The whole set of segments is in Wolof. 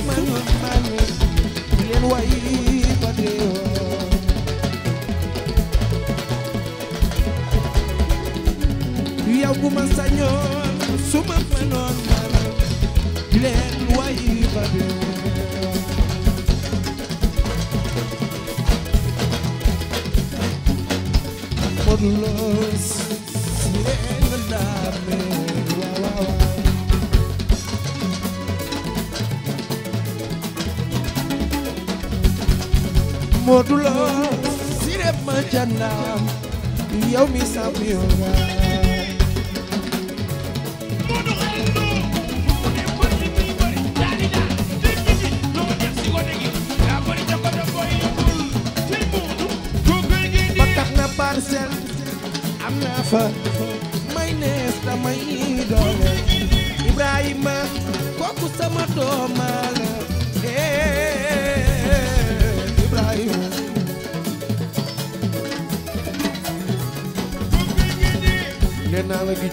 mama جنة يومي سابيورا Parcel, I'm never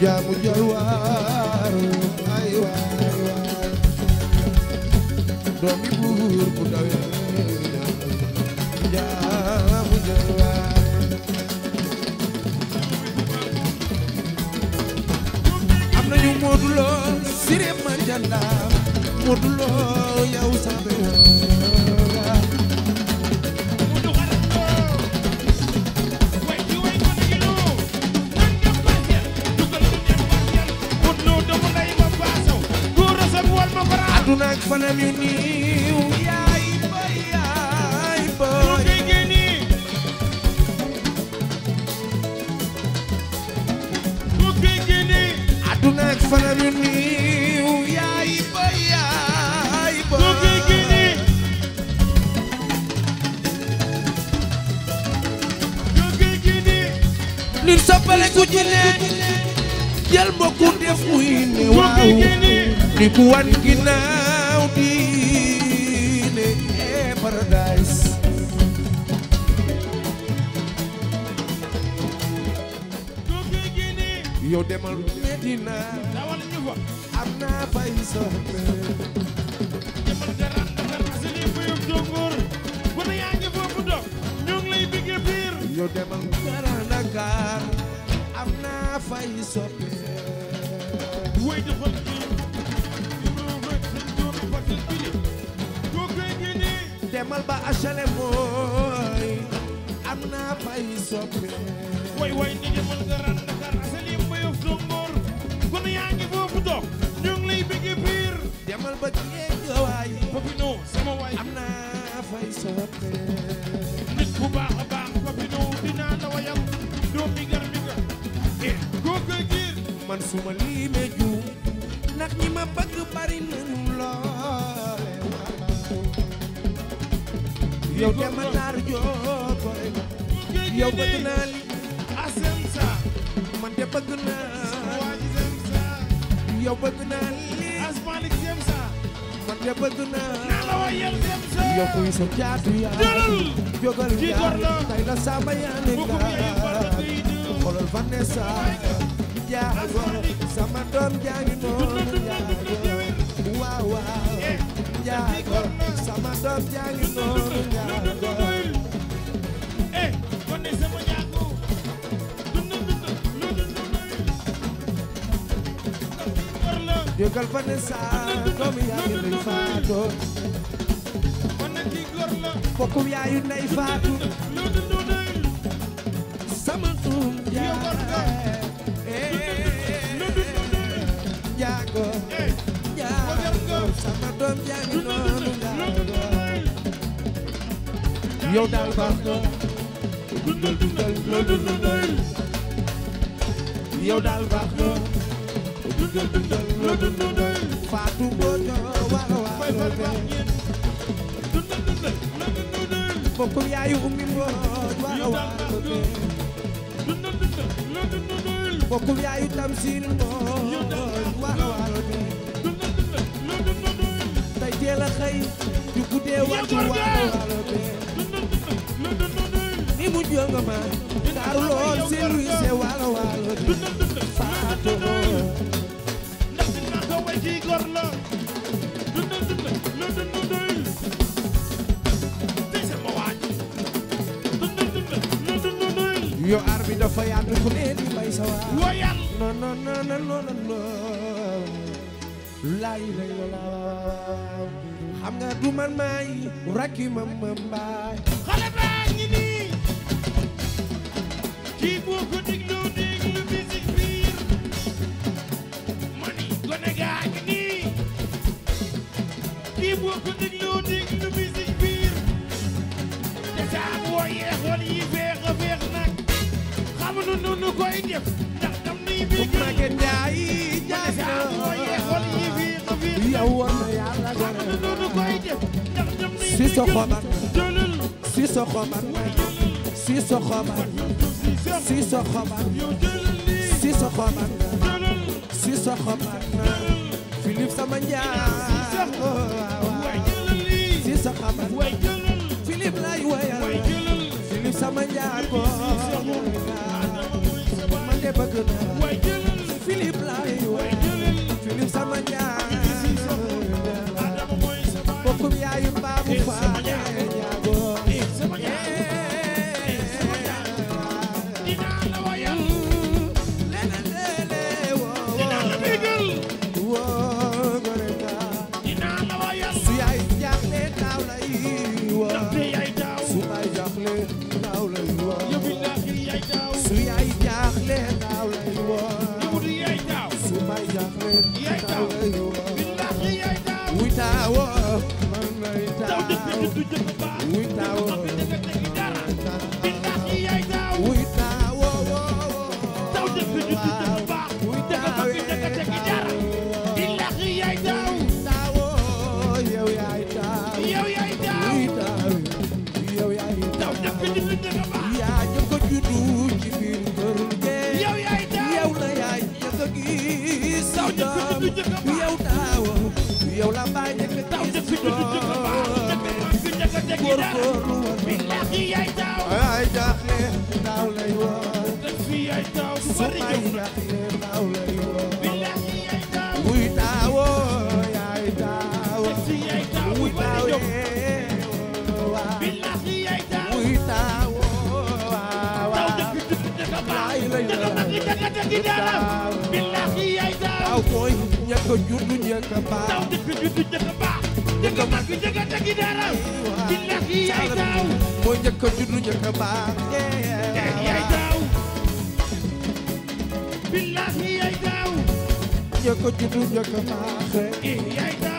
jaamu jol waar ay doomi buur bu dawe jaamu jol am nañu Modou Lo siré ma jandaam Modou Lo naag fanam yu niiw yaay ba yaay ba aduna ak fanam yu niiw yaay ba yaay ba nun soppale ku ci ne jël mbokku def muy ne waaw ni ku wan ginnaaw Medina dawal ñu fa am naa fay soxna demal garan defar asili buyub bu ne yaa ngi foofu dox ngi lay bigge biir yow demal garan Dakar am demal ba achale mooy am naa fay soppe way way ni demal garan soppe nit bu baax a baax fa fi ñëw dinaa la wayal doom mi gar mi gar e googa giir man suma liime juum ndax ñi ma bëgg bari nañu loole yow dema naar jooboy yow bëgg naa li asem sa man de bëgg naa yow bëgg naa li te bëgg naa la wayel dem sa yokkuy sa jaatu yaa jógal yaa tay la sama yaa ne kaa xoolal Vanessa jaago sama doom jaa ngi noonu jaago waaw waaw eh, jaago sama doom jaa ngi noonu jaago yëgal Vanessa doomu yaayu Ndey Faatu bokkum yaayu Ndey Faatu sama tuum jaay jaago jaago sama doom jaangi noonu jaago yow daal baax nga dundal dundal loolu dundal yow daal baax nga dundal dundal bokkum yaayu ummi mbooj waa waalo bee bokkum yaayu tamsiir mbooj waa waalo bee tey teel a xëy ju guddee wàcc waa waalo bee ni mu jonga ma taaru lool seen ruise waa waalo bee faatu kii góor la dundal dundal lu dundal doyul tey sama waaj dundal dundal lu dundal doyul yo aar bi dafa yaatu ku ne di may sa waaj woo yàlla non non non non non laay lay la xam nga du man maay rakki ma ma mbaay xale baa ngi nii kii boo ko koy def ndax tam ni mi ngi ma gën jaay jaay na mooy xol yi fiix fiix yow war na yàlla xam na noonu koy def ndax tam ni si so xomat jëlul si so xomat si so xomat si so xomat si so xomat si so xomat Philippe sama njaay si so xomat Philippe lay wayal Philippe sama njaay ko bëgg na way jëlal Philippe laay way jëlal Philippe sama góorgóorlu woon ay jaaxle daaw lay woon suuf ay jaaxle daaw lay woon buy taawoo yaay taawoo buy taawee waaw buy taawoo waaw waaw lay woon taw mooy ñàkk a juddu ñàkk a baax njëkk a mag njëkk a tegi dara billahi yaay daaw mooy njëkk a juddu njëkk a baax yaay daaw billahi yaay daaw njëkk a juddu njëkk a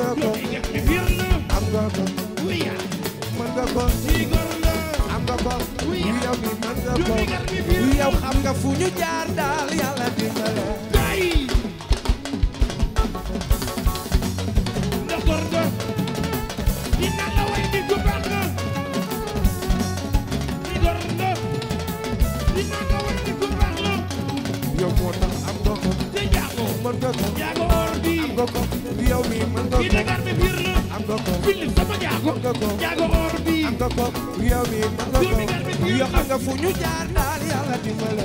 nga ko bir na am nga ko wiya mën nga ko ci gor na am nga ko wiya yow mi mën nga ko yow xam nga fu ñu jaar daal yàlla dimbale nga ko yow mi mën nga ko yow xam nga fu ñu jaar daal yàlla dimbale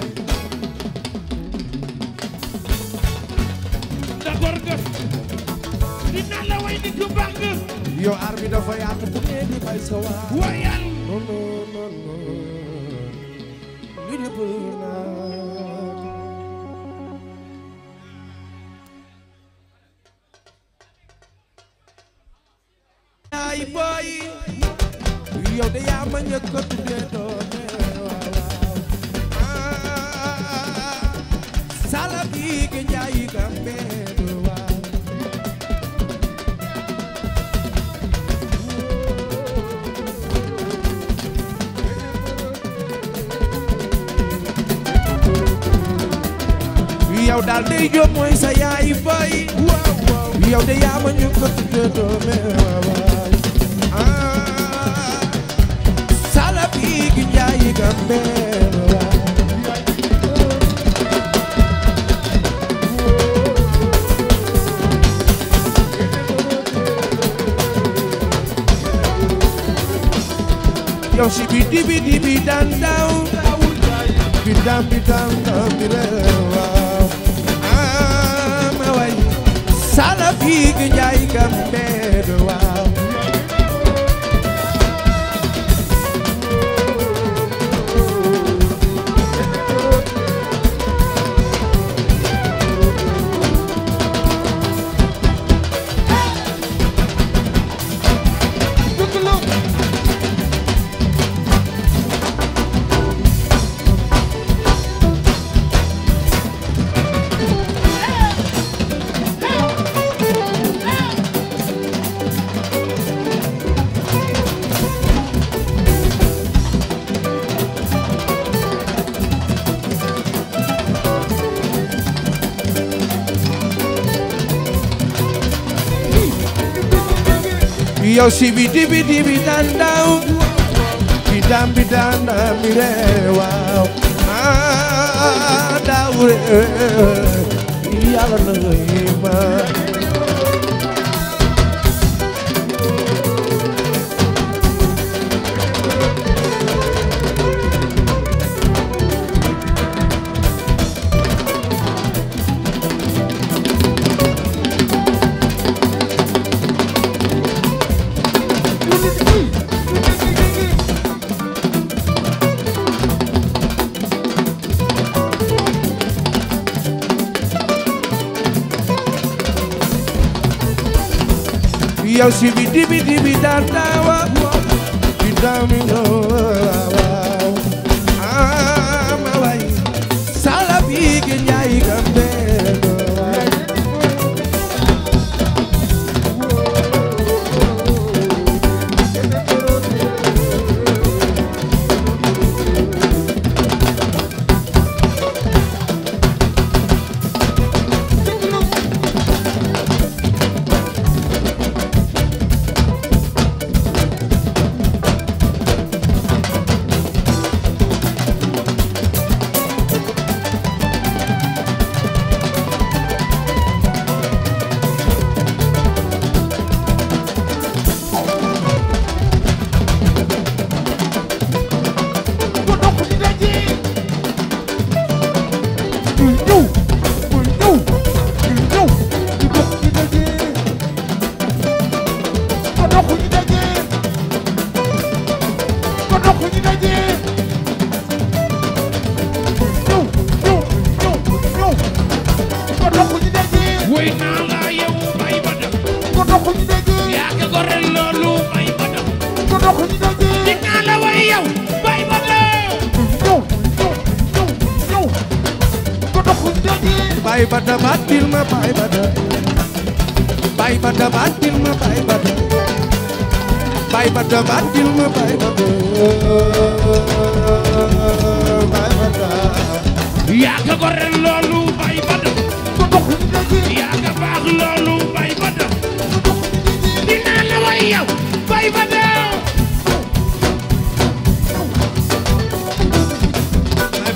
d'accord nga dina la way nit yu baax nga yow aar bi dafa yaatu bu nee di bay sa waa wayal non non non non yo bi dibi dibi dan daw bidam bidam amire waaw ah daw re yàlla na ma eh. yow si bi dibi dibi daan daawa di daami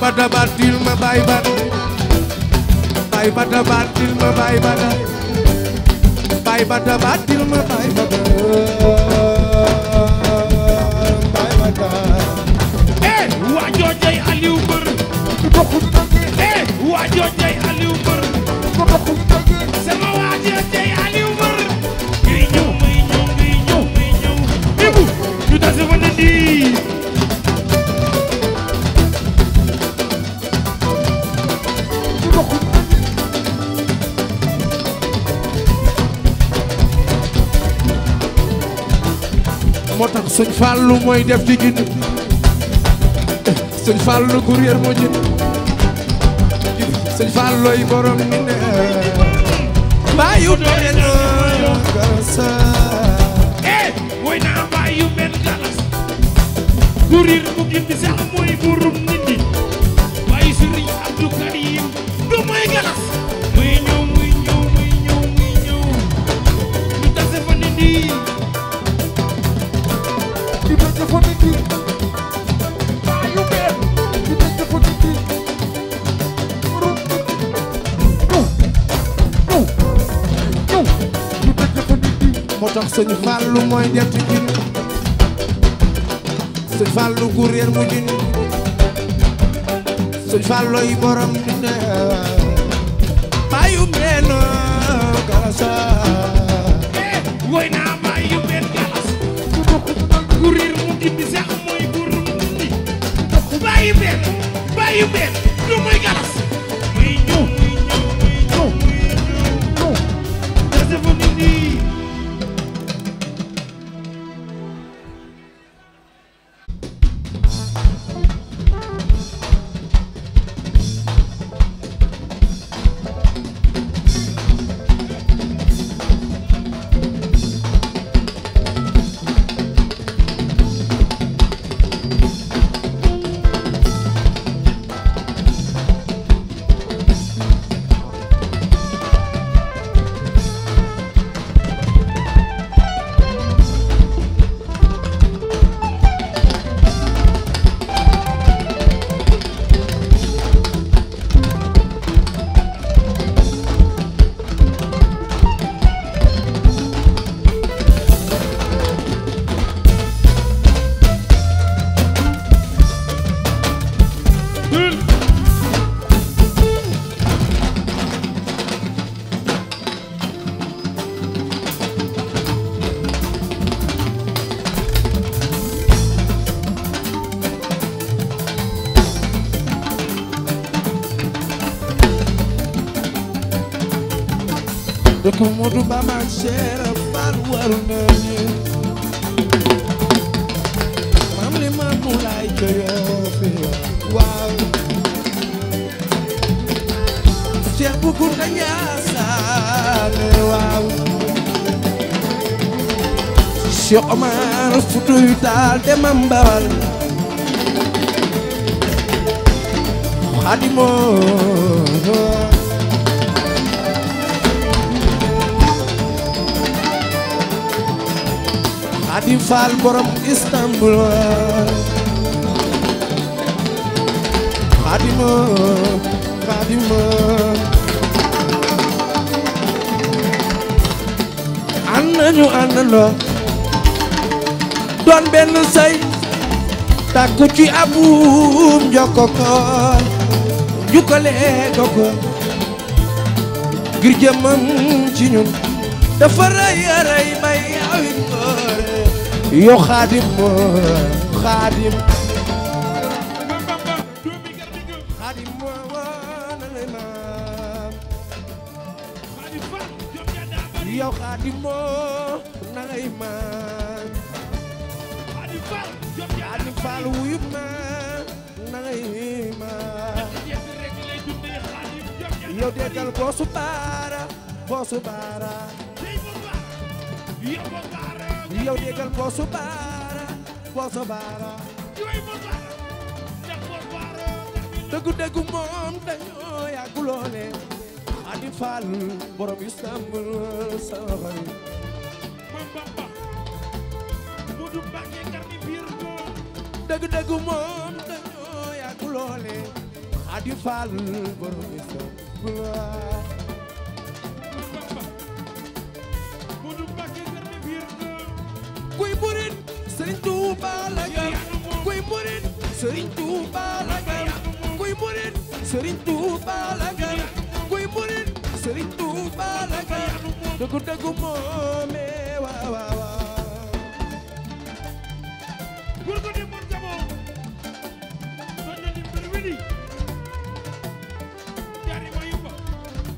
bada batil ma bay bada bay bada batil ma bay bada bay ma bay bada fàllu mooy def di gind sëñ fàllu courrier moo jënd sëñ fàllooy borom ni ne baayu eh, men galas courrier mu gindi sax mooy burum sëñ Fallou mooy ñetti junj sëñ Fallou mu junj sëñ Fallou yi borom ñu ne mayu benn woy naa mayu benn galas ku bokk ku réer mu junj sax mooy góor mu junj mayu benn lu mooy galas Momadou Ba maag Cheikh Fall war nañu maam li ma mu lay jëyoofi waaw Cheikh bu Kunta Njaasaan waaw Cheikh Omar Fuutiyu Taal de mam bawal Xaadimoo Xadim Fall borom Istanbul Xadim Xadim ànd nañu àndandoo doon benn say takku ci abum jokkoko jukkale koko ngir jëmam ci ñun dafa rëy a rëy bay awit góor yow xaadim xaadim yëngal boosu baara boosu baara e e dëggu dëggu moom dañoo yàgguloone adi faal borom yu sàmm sama xarit moom bamba mu du mbàkke garni biir moom dëggu dëggu moom dañoo yàgguloone adi faal borom yu sàmm Serigne Touba la gëm kuy murid Serigne Touba la gëm kuy murid Serigne Touba la gëm dëggu dëggu moome waaw waaw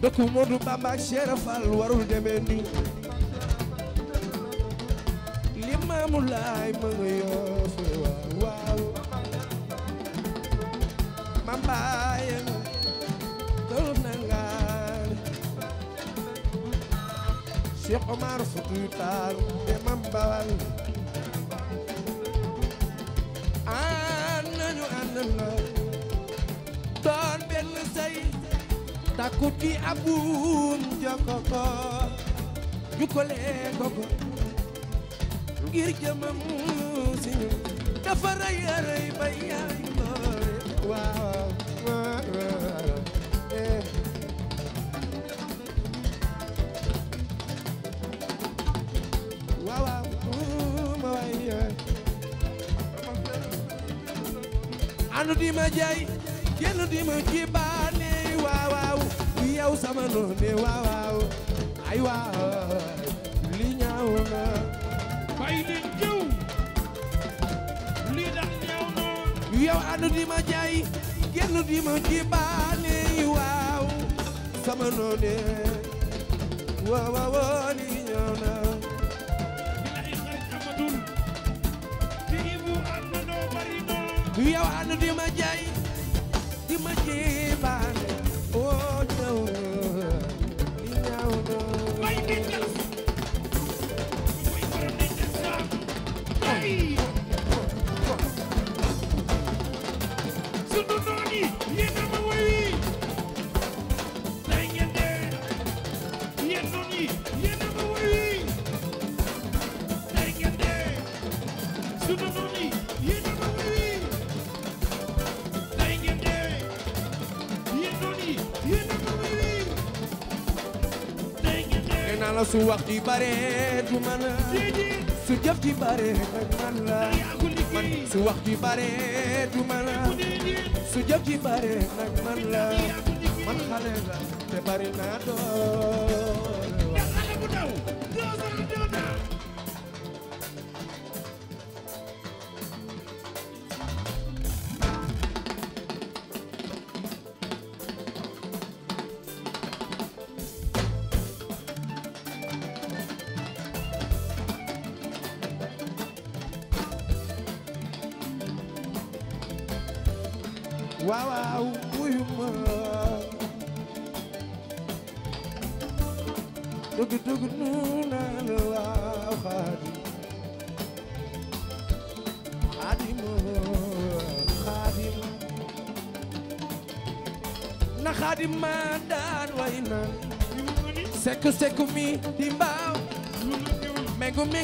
dëkku Modou Bamba ak Cheikh Fall warul demee nii li Maamu Laay ma nga yoon Cheikh Omar Foutiyou Tall te mam bawal an nañu àndandoo doon benn say takku ci abum jokoko jukkolee koko ngir jëmam si ñu dafa rëy a rëy ba yaay waaw kenn di ma jaay kenn di ma gibaane waaw waaw yow sama noone waaw ay waaw li ñaaw na bàyyi leen jëw li dax ñaaw na yow ànd di ma jaay kenn di ma gibaane waaw sama noone waaw waaw li ñaaw na yawaanu di ma jay di ma jébaane oo oh ñaaw li ñaaw na la su wax ji bare du man su jëf ji bare du man la wax ji bare du man la su jëf nag man la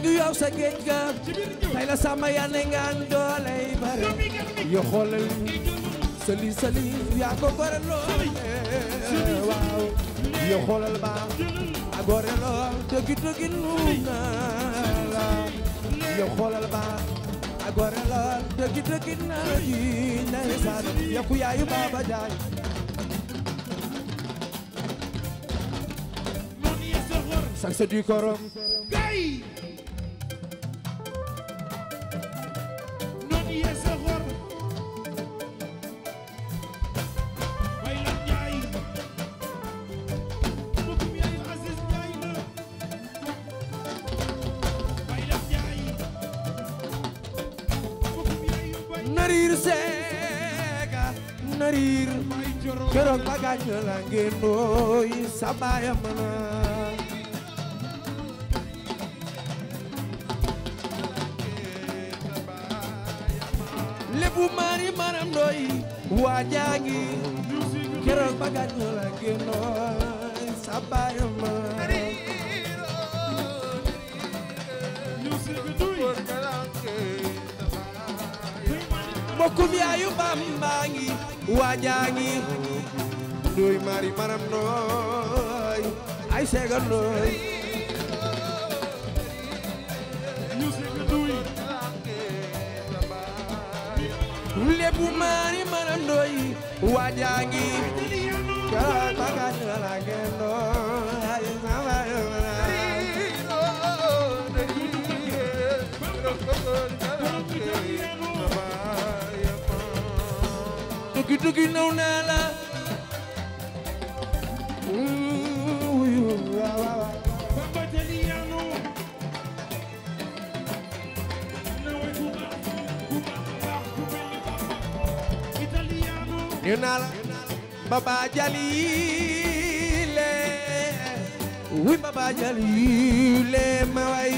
du yow sa géej ga tey la sama yane ngaan dooley bare yo xoolal sëli sëli yaa ko gore lool waaw yo xoolal ba a gore lool dëgg dëgg la yo xoolal ba a gore lool dëgg dëgg naa ji ndeysaan yokku yaayu baaba jaay sang se du sa baaya lebu mari maram doy waajaangi keroog bagat no la génnoon sa baaya mana mbokkum yaayu Bamba ngi waajaangi ndoy mari maram nooy ay seega nooy ñu seega ndoy lépp mari maram ndoy waajaa ngi kaa taga ñu la ngeen nooy sama Tuki tuki naw naa la ñu naa la baba jalile wuy baba jalile ma way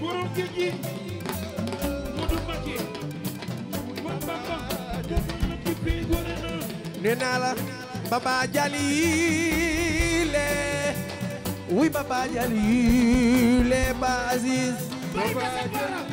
borom géej gi mu du ñu naa la baba jalile wuy baba jalile ba Aziz baba jalile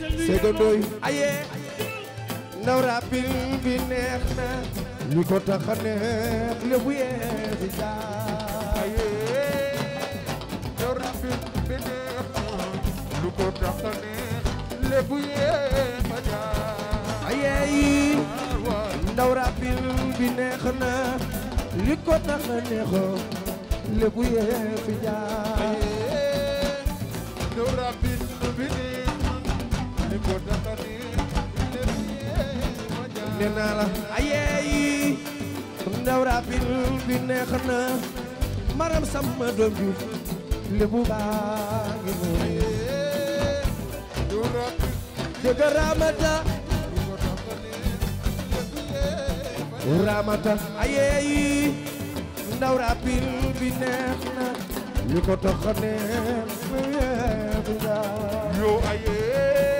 Sega Ndoye aye ndaw rabin bi neex na li ko tax a neex lébu yeexi jaaye ndaw rabin bi neex na li ko tax neex lébu yeexi jaaye aye ndaw rabin bi neex na li ko tax a neexo lébu yeexi jaaye nena la ayeyi ndaw rabin bi neex na maram sama doom ju lebu baa ngi neex na li ko tax a neex yow ayeyi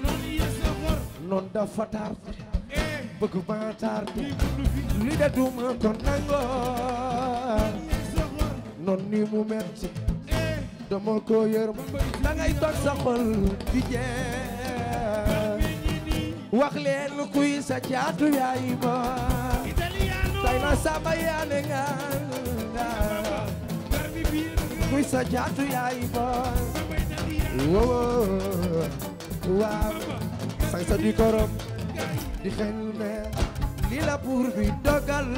noon dafa tardé bëgg ma tardé li de duma ko nangoor noon ni mu metti dama ko yërëm da ngay toog sa xol di jeex wax leen kuy sa caatu yaay ma kuy sa caatu yaay ma mooy sa di korom di xel mer li la buur bi dogal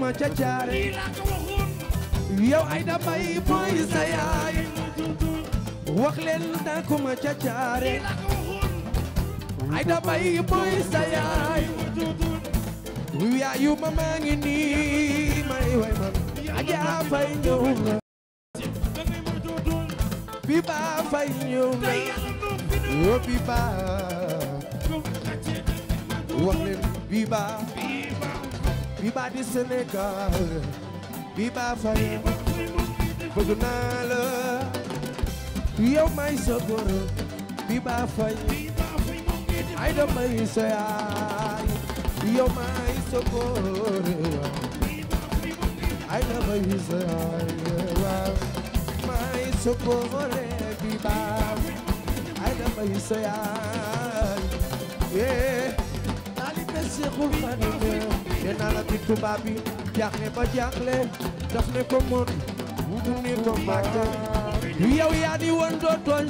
ma ca caare yow ay da bay boy sa yaay wax leen da ko ma ca caare ay da bay boy sa yaay yaayu ma maa ngi nii may way man ajaa fay ñëw na bi baa fay ñëw na wo bi baa wax leen bi baa Biba di Sénégal Biba Faye bëgg naa la yow may sa góor Biba Faye ay da may sa yaay yow may sa góor ay da may sa yaay may sa góor Biba ay da may sa yaay Seexul Xadiim nee naa la bi tubaab bi jaaxle daf ne ko mën mu ne ko màgg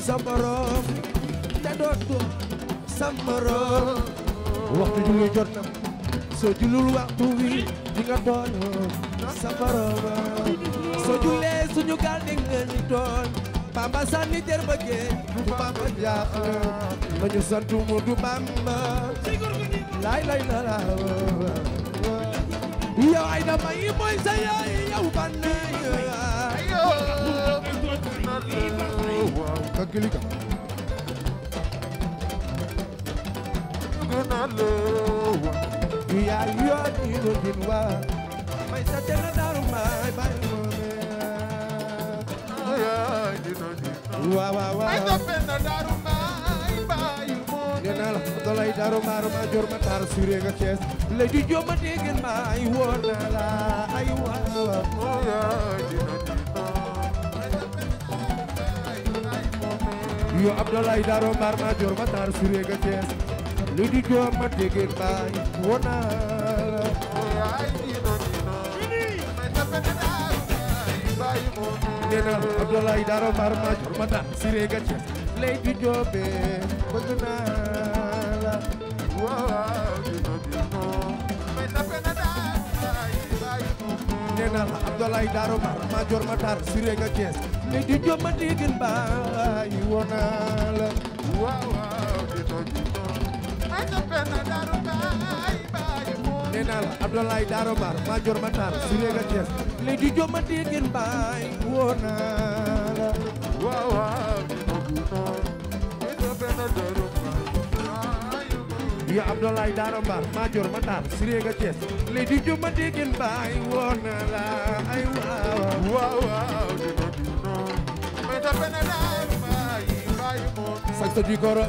sa borom te doo sa morom waxtu julli jot na soo waxtu wi di nga sa borom soo jullee suñu gaal di nga ni tooñ Bamba sànni jër ba géej Bamba lay lay la la yow ay na may mooy sa yaay yow ban Angélica yaa yoo nii lu din waa may sa te na daaru may may moome waaw waaw waaw may sa te na daaru naa la dalay daro maro ma jor ma tar sure nga kees lay di jom ma degen ma ay woon naa la ay waawa yo Abdoulaye Daro Mar ma jor ma tar sure nga kees lay di jom ma degen ma ay woon naa la nee naa la Abdoulaye Daro Mar ma jor ma tar sure nga kees lay di jom be bëgg naa neenal Abdoulaye Darou Mar Madior Matar Siré nga Thiès ne di joma di joma digin baay wona yo Abdoulaye Daara Mbar Madior Matar Sirega Thiès Lady Diop ma dégg baay woon na la ay waaw waaw waaw dina dina mais dafa ne daal baay baay sa di koro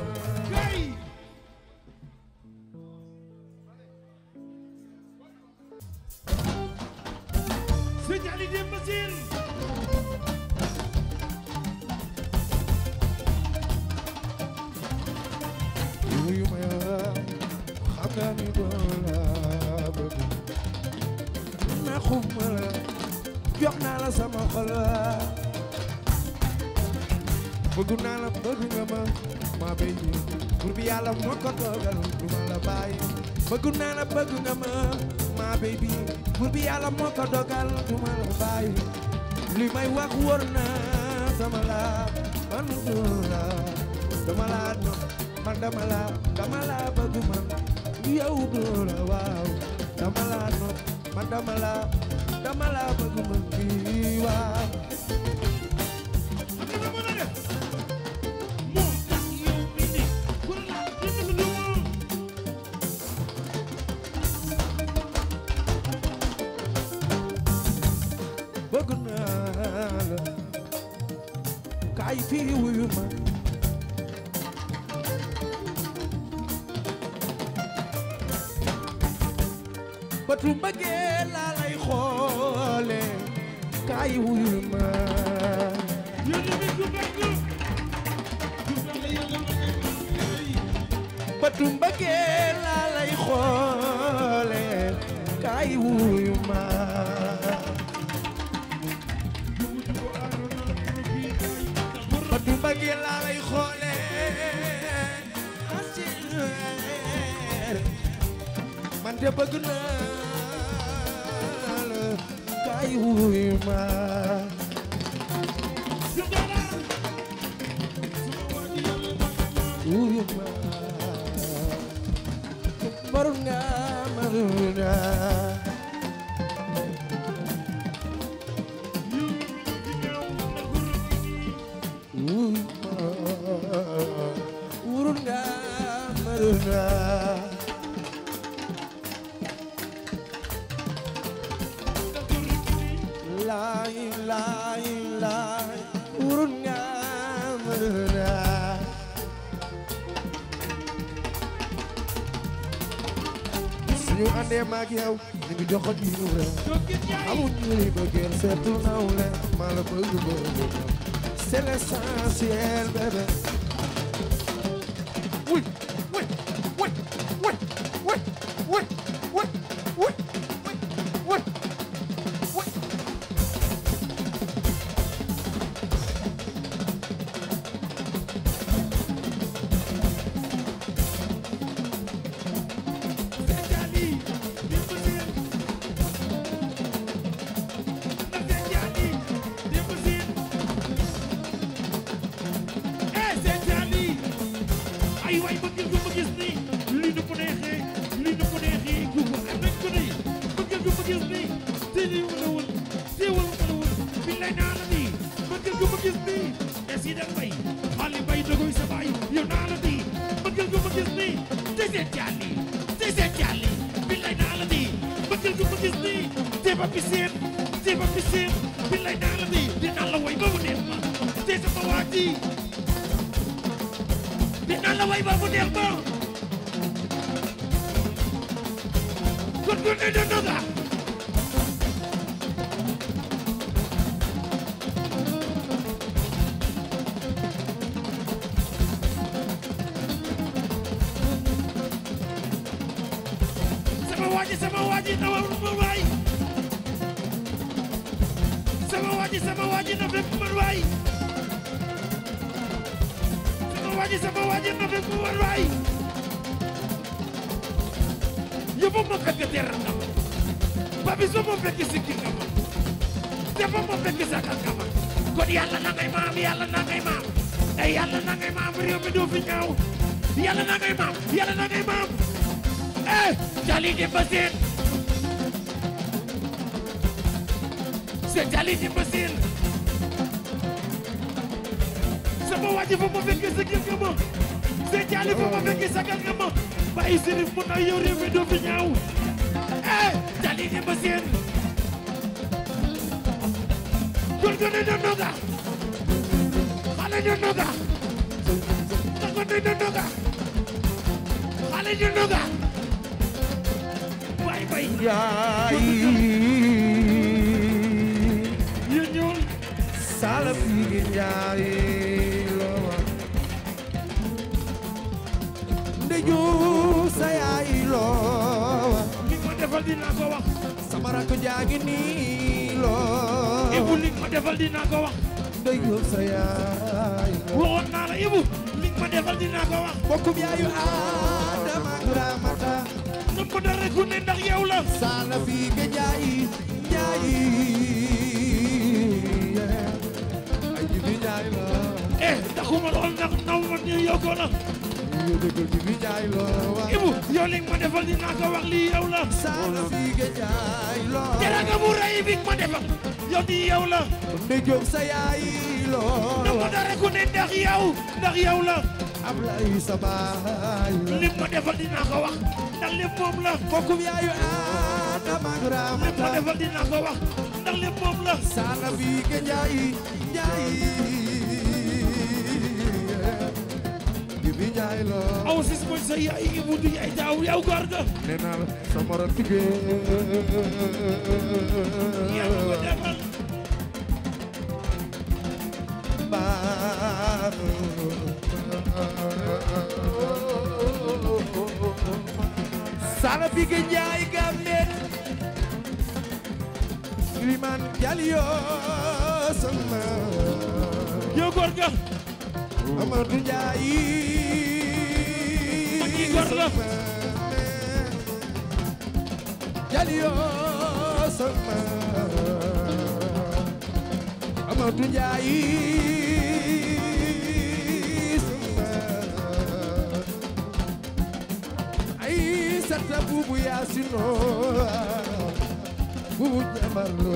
bëgg nga ma ma baby buur bi yàlla moo ko dogal du ma la bàyyi li may wax wóor na sama la man la dama la nopp man dama la dama la bëgg man yow góor la dama la nopp man dama la dama la bëgg man لنا لا إله إلا ورنا مرنا suñu àndee maag yow dañu joxoon ñu ñu rëb amuñu li bëggeel seetu naw leen maa la bëgg bëgg c'est l'essentiel bébé ko defal dinaa ko wax bokkum yaayu Adama Ramata nu ko dara ku ne ndax yow la sala fi nga jaay jaay ay jibi jaay la eh taxuma lool ndax naw ma ñu yokko la ibu yow li ma defal dinaa ko wax lii yow la sala fi nga jaay la jara nga bu rëy ma defal yow di yow la ne joom sa yaay nangu na rek ku ne ndax yow ndax yow la Ablaye la lim ma defal dinaa ko wax ndax lim moom la kooku la saala bi ke njaay njaay i mu yaay daaw yow góor sala bige njaay gamben liman jalyo sama yo góor ga Amadou Njaay yi góor ga jalyo sama Amadou sata bubu yasino bubu jamalo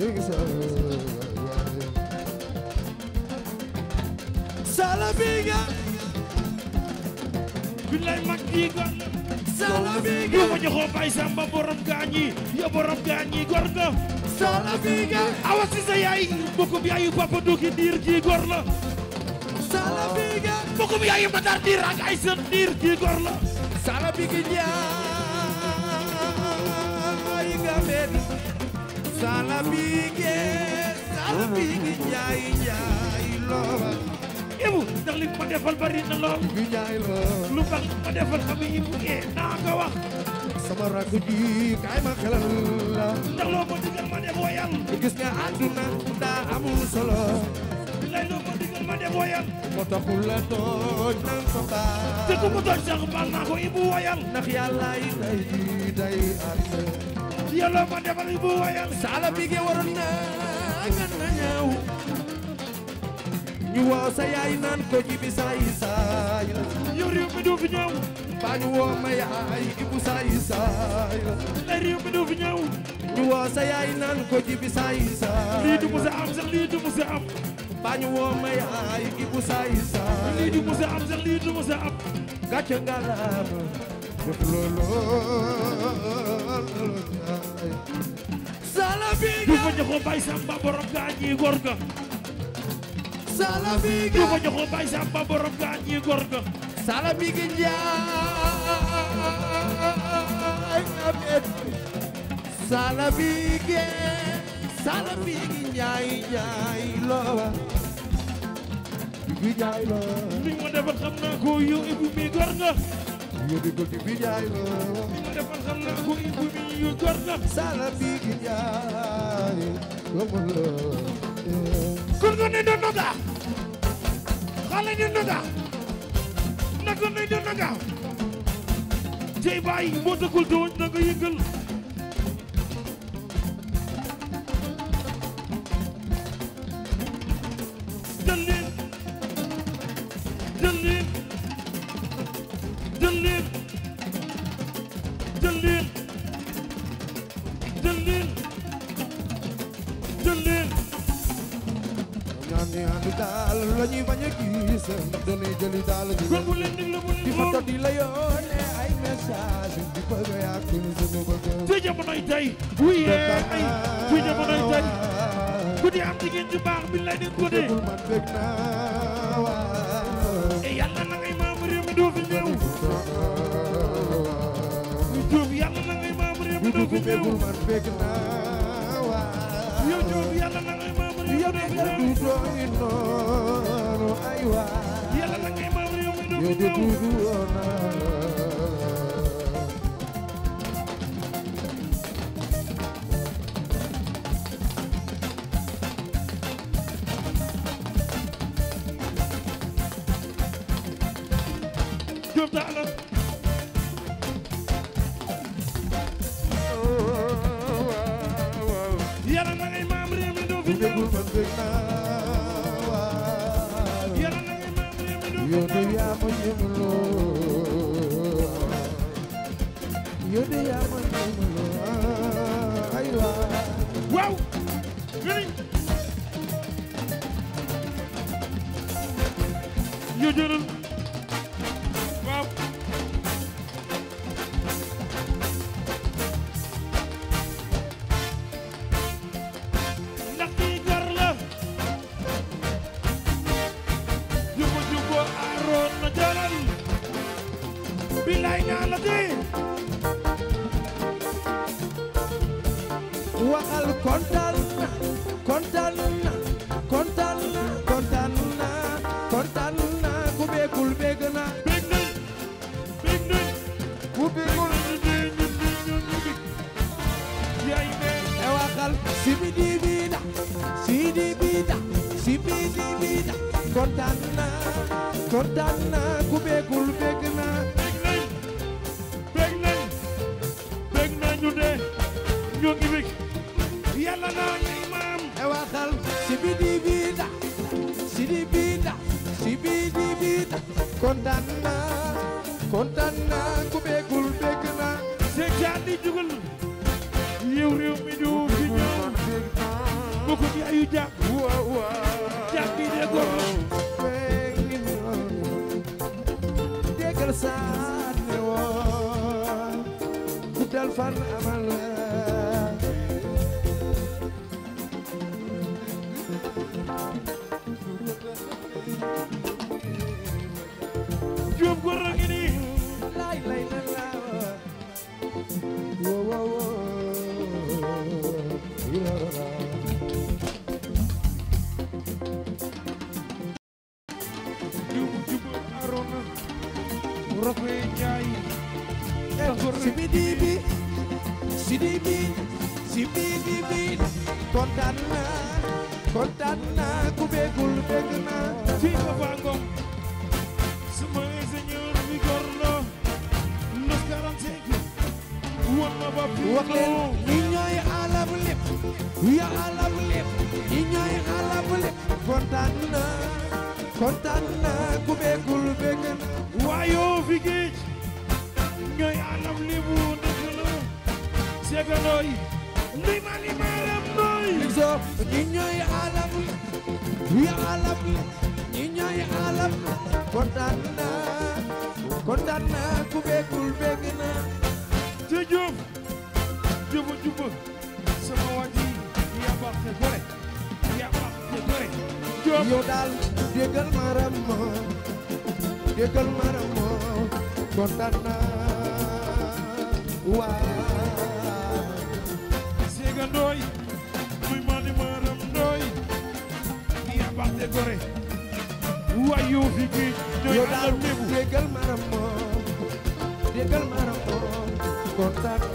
yegisa salabiga bilay makiga salabiga mo joxo bay samba borom gañi yo borom gañi gorga salabiga awasi sa yaay bokum yaayu papa dogi dir ji gor la salabiga bokum yaayu matar dir ak ay sen dir ji gor la sala bigi njaay gaben sala bigi sala bigi njaay njaay looba ibu ndax li ma defal bari na lool njaay looba lu ma defal xam ibu ee naa ko wax sama rakk ji kaay ma xelal la ndax loo ma digal ma nga àdduna daa amul solo lay loo ko digal ma de woyal moo taxul la tooñ ko baal te ku mu tooñ sax baal naa ko ibu woyal ndax yàlla yi day ji day àtte yàlla ma defal ibu woyal saala bi ge waroon na nga na ñaaw ñu woo yaay naan ko jibi saay saay la yow réew mi du fi ñëw baa ñu woo ma yaay ibu saay saay la réew mi du fi ñëw ñu woo yaay naan ko jibi saay saay lii du mu sa bañu yaay gi bu saay lii du mës a am lii du mës a am gàcce ngalaama def loolool salabi du ma joxoo bay samba borom gaañi góor ga salabi du ma joxoo bay samba borom gaañi góor sala bigi njaay njaay looba bigi njaay looba mi ma defal xam naa ko yow ibu mi gor nga yóbbi ko bigi njaay looba mi ma defal xam naa ko ibu mi gor nga sala bigi njaay looba kurgo ne do noga xale ne noga nako ne do noga tey bàyyi boo tëggul doo na nga yëngal naa ku beegul dégg naa Cheikh Sadi jugal yow réew mi du fi ñëw bokk ci ayu jàpp jàpp yi de góor déggal saat ne woon ku dal fan amal Thank you. wax leen ñi ñooy alabu lépp ñi ñooy alabu lépp kontaan na kontaan na ku beekul bekk na waayoo fi géej ñooy alab lébu dëgg la seega nooy lima lima alam nooy ligsoor ñi ñooy alabu lépp ya alabu lépp ñi ñooy alabu lépp kontaan ku beekul bekk na jubba sama waji yaa baax te maram ma déggal waa séega ndooy muy mani maram ndooy yaa maram ma déggal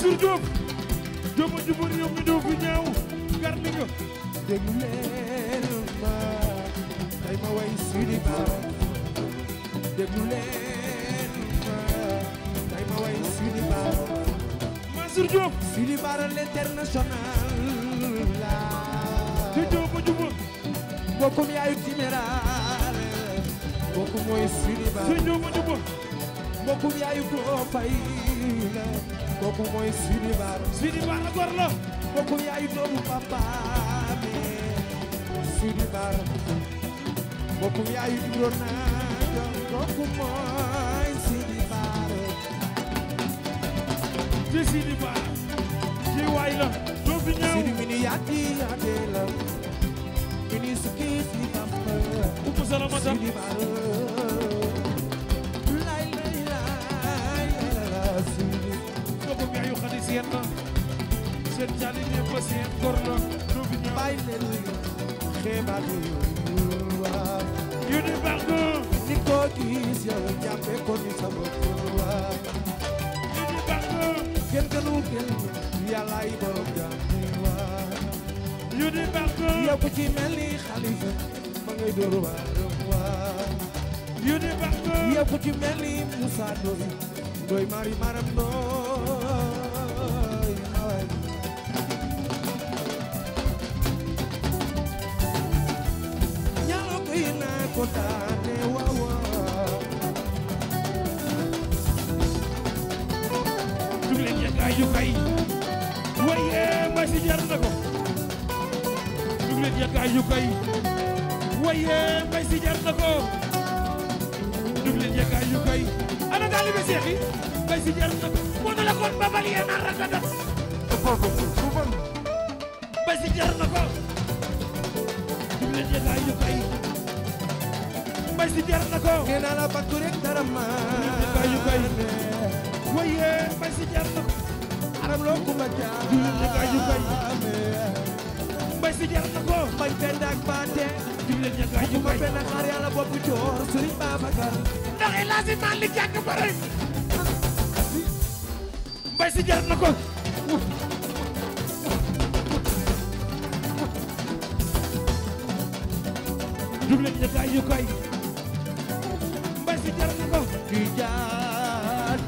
Mansour Diop Diop a jubóor yow mi doo ñaaw gar li nga déglu ma tey ma way Sidi Ba déglu leen ma tey ma way Sidi Ba Mansour Diop Sidi Ba la te Diop a jubóor bokkum yaayu Timéral bokkum mooy Sidi Ba te Diop a jubóor bokkum yaayu kooku mooy Sidi Bara Sidi a góor la kooku yaay doomu papa bi Sidi Bara kooku yaay doomu naajo kooku mooy Sidi Bara ci Sidi Bara ci waay la doo fi ñëw Sidi mi ni yaati yaate la mi ni sukki si bamba Umu Salamata Sidi Bara seen na seen jali ne ba seen góor la lu fi ñëw bàyyi leen xeebal waaw yu ni baax na ni ko gis yow jàppe ko ni sa bopp waaw yu ni baax na kenn gënu kenn yàllaay borom jàppe waaw yu ni baax na yow ku ci mel ni xalifa ma ngay dóor waaw yu ni baax na yow ku ci mel ni Moussa Ndoye Ndoye mari maram no nañu koy waye mbay si jar na ko dug leen yeggaay yu koy ana taalibe seex yi mbay si jar na ko moo na la koon babal yéen a ragadat suufam mbay si jar na ko dug leen yeggaay yu koy mbay si jar na ko nee la bakku rek dara maa yu koy waye mbay si jar na ko aram loo kuma jaar dug leen yeggaay yu koy bi jar na ko may benn ak baate jubleen ña gaay ma benn si jar ko jubleen ña gaay koy mbay si jar na ko ki jaar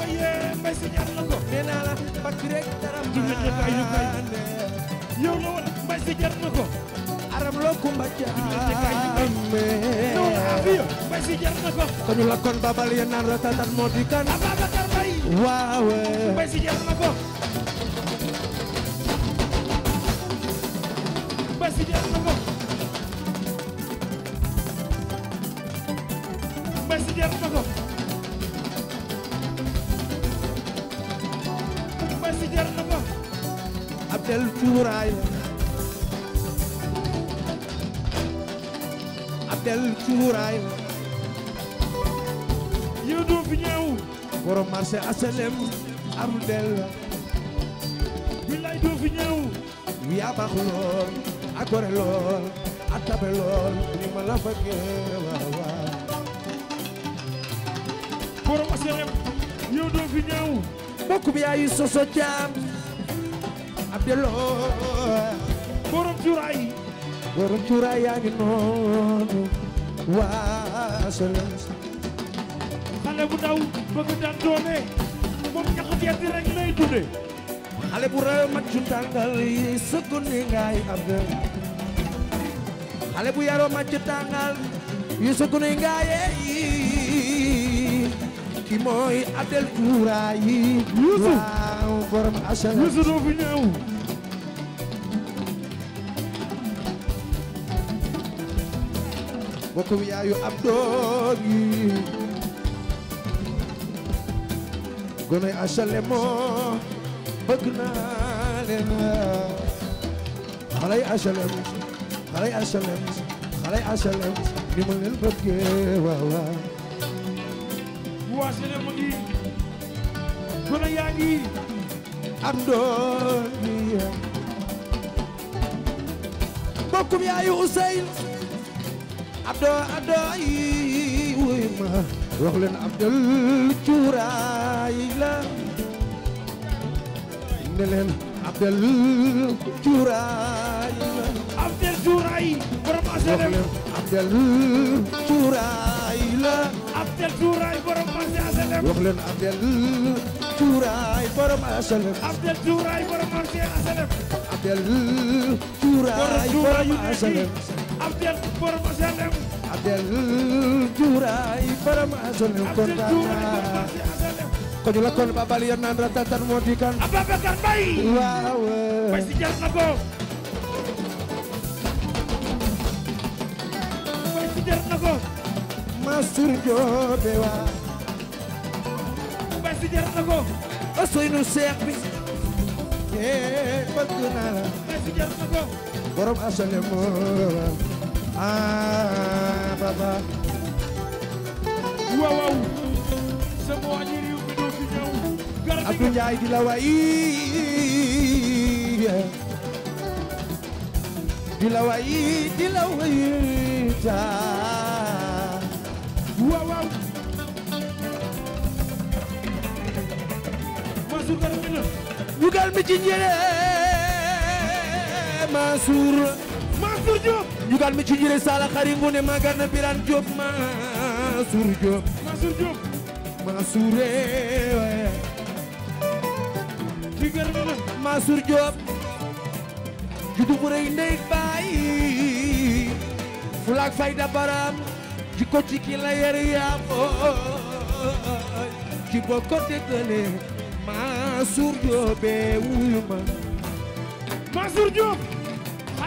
waye mbay si jar ko nee naa la koy bi jar na ko aram loo kumba jaame noon afiyo mbay si jar na ko kañu la kon babal ya naan ratatan moo di kan Ababacar Mbaye waawe mbay si jar na ko mbay si jar na ko mbay si jar na ko mbay si jar na ko Abdel Cuuraay del cuuraay yéen doo fi ñëw borom marché aselem aru del billaay doo fi ñëw yaa baax lool a gore lool a tabe lool ni ma la bëggee waaw waaw borom aselem yéen doo fi ñëw mbokk bi yaayu soso jaam ab delloo borom cuuraay borom cuuraay yaa ngi noonu waa Excellence xale bu ndaw bëgg daan doole moom ñaxat ya di rek lay dunde xale bu rew mat cu tàngal yi sëgg ni ngay am xale bu yaroo mat cu tàngal yi sëgg ni ngay ki mooy Adel cuuraay yi waaw borom Excellence Youssou doo fi bokkum yaayu am doogi gonoy HLM moo bëgg ni ma leen bëggee waaw waaw waa HLM ngi gonoy am doogi bokkum yaayu Ousseynou abdo abdo yi wuy ma wax leen abdal cuuraay la ne leen abdal cuuraay la abdal cuuraay borom aselem wax leen abdal cuuraay la abdal cuuraay borom aselem wax leen abdal cuuraay borom aselem abdal cuuraay borom aselem abdal cuuraay borom aselem Abdel borom asalem Abdel Juraay borom asalem kontaan naa ko kon babal yan naan ratatan moo di kan Ababacar Mbaye waaw bay bay si jar na ko Masur Joobe waa bay si jar na ko Ousseynou Cheikh bi ee bëgg naa la bay si jar na ko borom asalem ah baba waaw waaw sama waa ji réew mi doo fi ñëw Abdou Ndiaye di la way di la way di la way ta waaw waaw Mansour Mbengue dugal mi ci njëre Mansour Mansour Diop yugal mi cunjure sala xari ngune magar na biran Diop Mansour Diop Mansour Diop Mansour eh, eh. digar na Mansour Diop juddu bu rëy ndey baay fulak fayda baram jikko ci ki la yere ya ci bokko tegale Mansour Diop be eh, ma Mansour Diop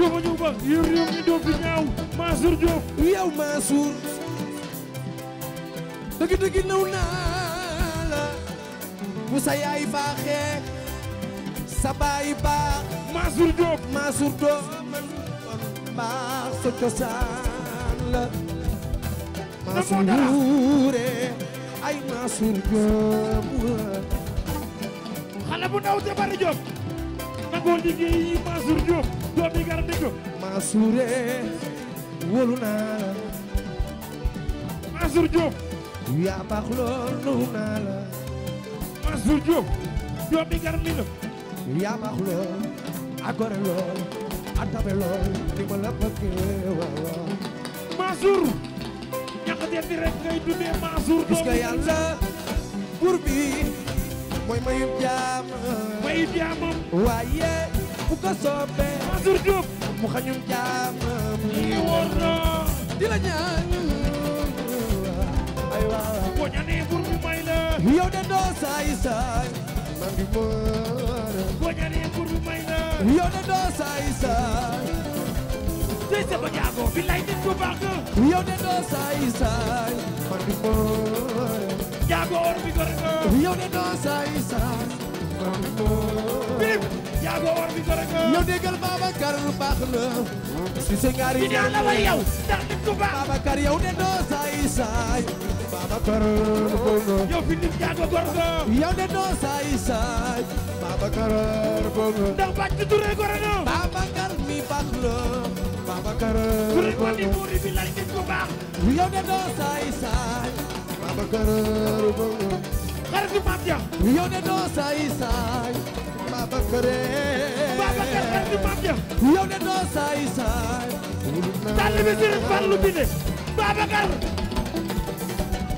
Diop ñu ba yur yur ñu Diop fi ñaaw Mansour Diop yow Mansour dëgg naa la bu sa yaay baaxee sa baay baax Mansour Diop Mansour Diop baax sa cosaan la Mansour ay Mansour Diop xale bu ndaw te bari Diop nangoo liggéey Mansour Diop doom yi gara dégg Mansouré wóolu naa la Mansour Diop yaa baax lool nuyu naa la Mansour Diop doom yi gara dégg yaa baax lool a gore lool a tabe lool ni ma la bëggee waaw Mansour ñaxate bi rek ngay dundee Mansour doom yi yàlla buur bi mooy mayu jaam mayu jaamam waaye bu ko soobee Mansour Diouf mu xañum jaamam yi war di la ñaan ay waaw boo ñaanee bur mu may la yow de doo saay saay man di mër boo ñaanee bur mu may la yow de doo saay saay tey sa ba jaago bi lay nit ku baax yow de doo saay saay man jaago war bi dara ko yow déggal Babacar baax na si se ngari ñaan la way yow ndax nit ku baax Babacar yow de doo saay saay Babacar bongo yow fi nit jaago gor nga yow de doo saay saay Babacar bongo ndax bàcc Touré gor nga Babacar mi baax la Babacar Touré ko di buuri bi lay nit ku baax yow de doo saay saay Babacar bongo xaritu maam ja yow de doo saay saay Babacar Babacar kan di mag ya yow de doo saay saay taalibe Serigne Fallou bi ne Babacar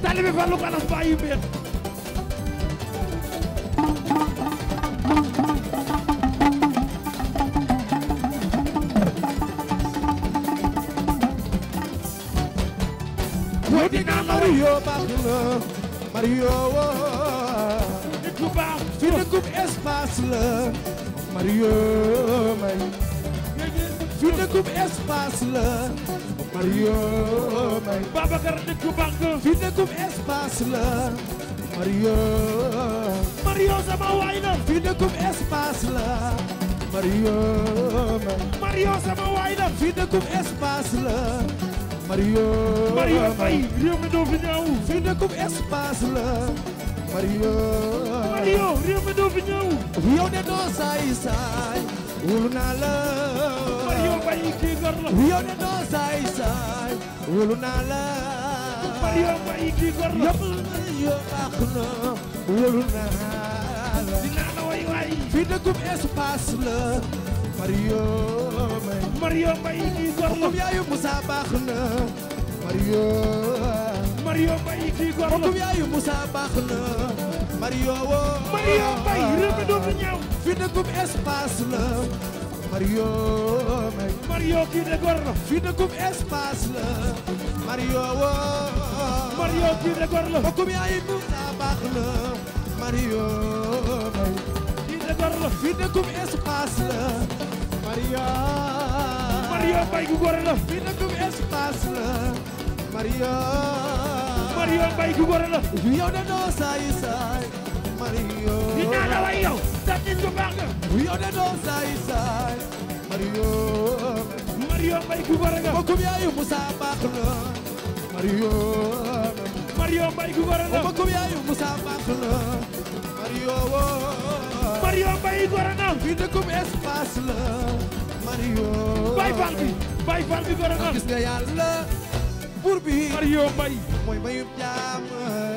taalibe Fallou kanam bàyyi beex Mario Mario Mario oh. fi dëkkub espace la Mario May fi dëkkub espace la Mario May Babacar dëkku banque fi dëkkub espace la Mario Mario sama waay la fi dëkkub espace la Mario May Mario sama waay la fi dëkkub espace la Mario Mario Faye réew mi doo fi ñaaw fi dëkkub espace la Mario Mario réew mi doo fi ñëw yow de doo saay saay wóolu naa la Mario bàyyi kii gor la yow de doo saay saay wóolu naa la Mario bàyyi kii gor la yow baax na wóolu naa la dinaa la way waay fii dëggum espace la baax na Mario Mario Mbaye kii góor la mbokk fi dëkkub espace la Mario Mbaye Mario kii fi dëkkub espace la Mario woo Mario kii de la Mario Mbaye fi dëkkub espace la Mario Mario fi dëkkub espace la Mario Mbaye ku góor la yow de doo saay saay Mario dinaa la way da nit ku baax nga yow de doo saay saay la Mario Baye Fall bi Baye Fall buur bi Mario Mbaye mooy mayum jaam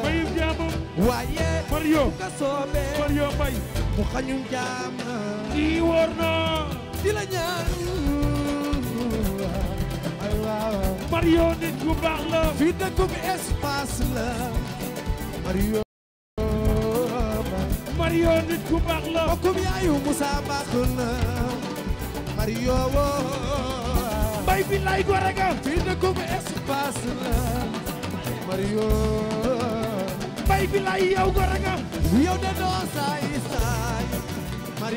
mayum jaam waaye Mario ka soobe Mario Mbaye mu xañum jaam kii wóor na di la nit ku baax la fi dëkkub la Mario Mario nit ku baax la bokkum yaayu Moussa baax way billaay gore billaay yow gore nga yow saay saay bay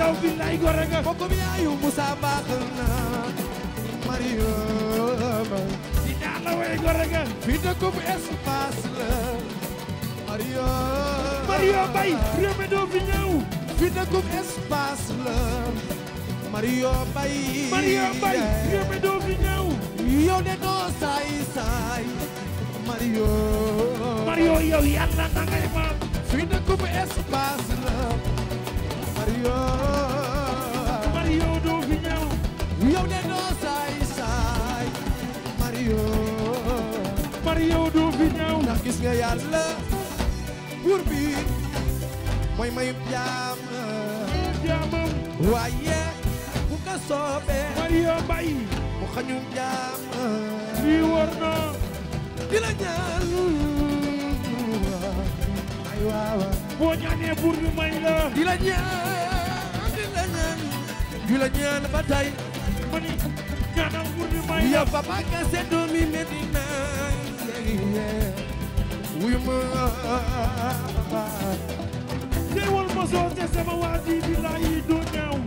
yow billaay gore nga bokkum yaayu Musa baax na Mario dinaa la way gore nga fii dëkkub bay réew mi doo fi ñëw fii dëkkub Mario Mbaye Mario Mbaye réew mi doo fi yow de doo saay saay Mario Mario yow yàlla na ngay maam fii na coupe espace la Mario Mario doo fi yow de doo saay saay Mario Mario doo fi ñaaw ndax gis nga yàlla buur bi mooy mayu jaam jaamam waaye ko soobee Maria Mbaye mu lii war na di la ñaan ay waaw boo buur bi may la di la ñaan di la ñaan di la ñaan ba tey mani ñaanal buur se ma waa ji di laa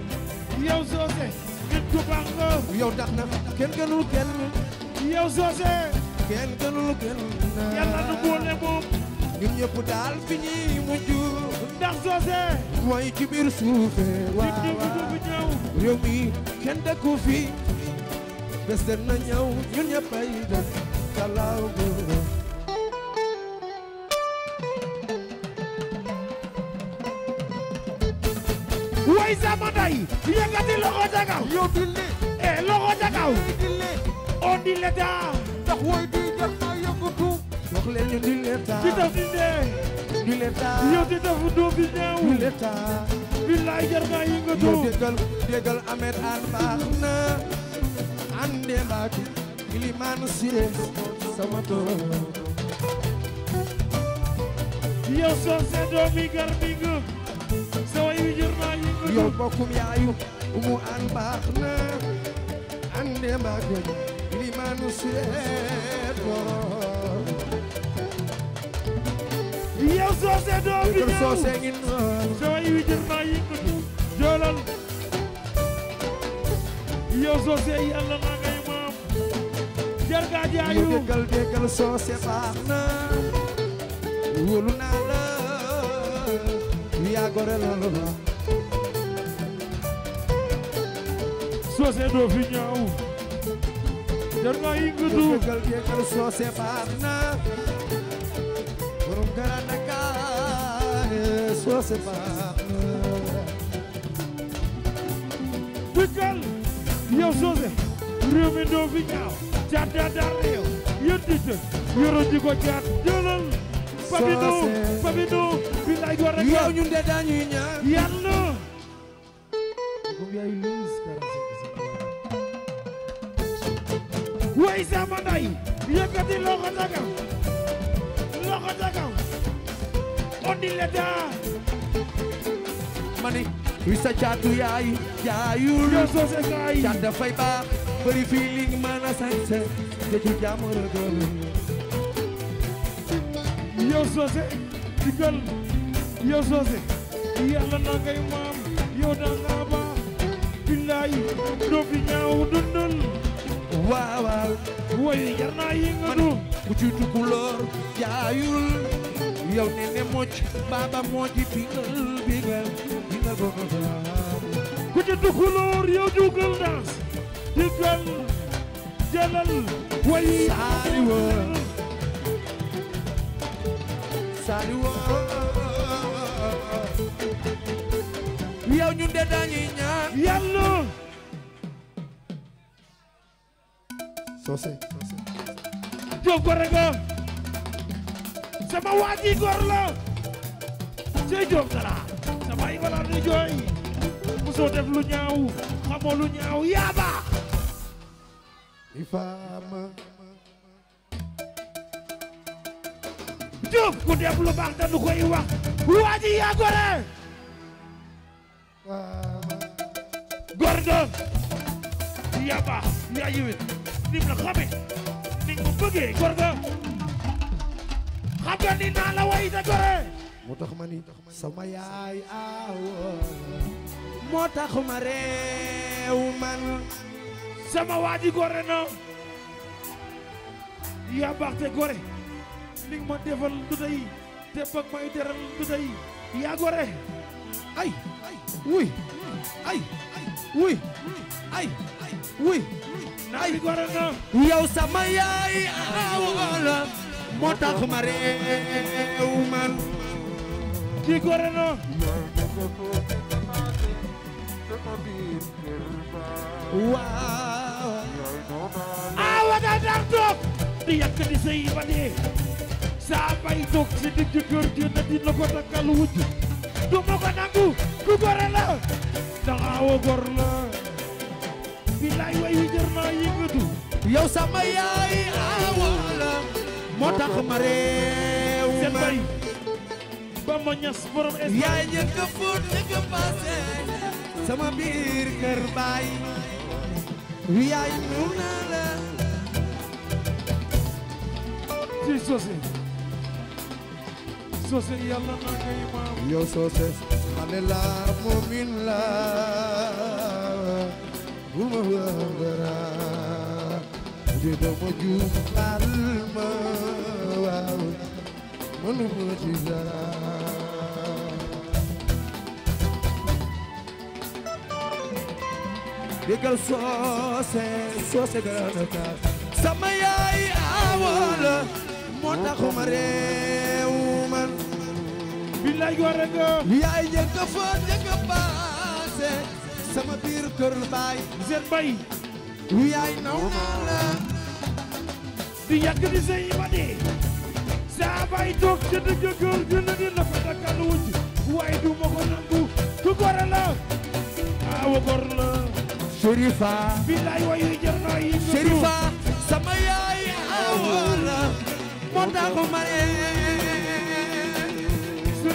yow Socé. nit ku baax nga. yow tax na kenn gënul kenn. yow Socé. kenn gënul kenn. yàlla nu boole moom. ñun ñëpp daal fi ñuy mujj. ndax Socé. mooy ci biir suufee. waaw waaw réew mi kenn dëkku fi. bés dana ñëw ñun ñëpp ay def kalaaw ay sama ndey yëngati loxo ca kaw yow dille eh loxo ca kaw dille on dille daa ndax woy di jar naa yëngatu wax leen ñu dille daa ci daf dille dille daa yow billaay jar naa yëngatu yow déggal déggal amet an baax na ande mbaaki ilimaan yow bokkum yaayu umu an baax na ande ma goñ li ma nu seet borom yow soose doo bi ñëw soose ngi noon sooy wi jër maa yëngatu joolal yow soose yàlla naa ngay maam jargaaj yaayu déggal déggal soose baax na wóolu naa la ia e agora lá no lá. Sou Zé do Vinhão, Jornal Ingudu. Eu quero que eu sou Zé Barna, por um cara na cara, sou Zé Barna. Pical, e eu sou Zé, Rio Papito Papito billaay door rek yow ñun de dañuy ñaar yàlla way sama nday yëkkati loxo ca kaw loxo ca kaw on dit l'état mani wi sa caatu yaay yaayul soose kaay caat dafay baax bëri feeling mana sañ sañ te ci jàmm yow soose digal yow soose yàlla na ngay maam yow da nga baax billaay doo fi ñaaw dundal waaw waaw woyu jar naa yëngatu bu ci tukulóor jaayul yow ne ne mocc baaba mooji bigal bigal bigal boobu ku ci tukulóor yow jugal daas digal jëlal woyu saari woon yow ñun de dañuy ñaan yàlla soose jóob gore nga ah. sama waaji góor la sey jóob dara sama yi balaa di jooy musoo def lu ñaaw xamoo lu ñaaw yaa i faama Diouf ku def lu baax dañu koy wax waa ji yaa gore Gordon yaa baax yaa yiwit la xame ni ko bëggee Gordon xam nga la way da gore moo tax ma ni sama yaay aawoo moo tax ma réew man sama waa ji gore na yaa baax gore li nga ma defal du gore na yow sama yaay awala moo tax ma réew man ki gore na waaw awa da dar toog di yàq di sëy ba dee saa bay toog si digg kër gi na dina ko takkal wujj du ma ko nangu ku gore la daxaawa la bilaay way wi jër naa yow sama yaay aawa la moo tax ma réew ma ba ma ñas borom es yaay ñëkk fóot ñëkk paase sama biir kër baay yaay mu la ci soose yàlla na ngay maam yow soose xale laa moomin laa bul ma wax dara bu dee dama juum baal ma waaw mënu ma ci dara déggal soose soose gërëm naa sama yaay awoon moo taxuma réew billaay gore nga yaay njëkk a foon njëkk a paase sama biir kër baay seen bay yaay naw naa la di yàgg di sëy ba di saa bay toog ca dëgg kër dina dina fa dakkal wujj waaye du ma ko nangu ku gore la awa gor la Sherifa billaay wayu jar naa yi Sherifa sama yaay awa la moo tax ma ne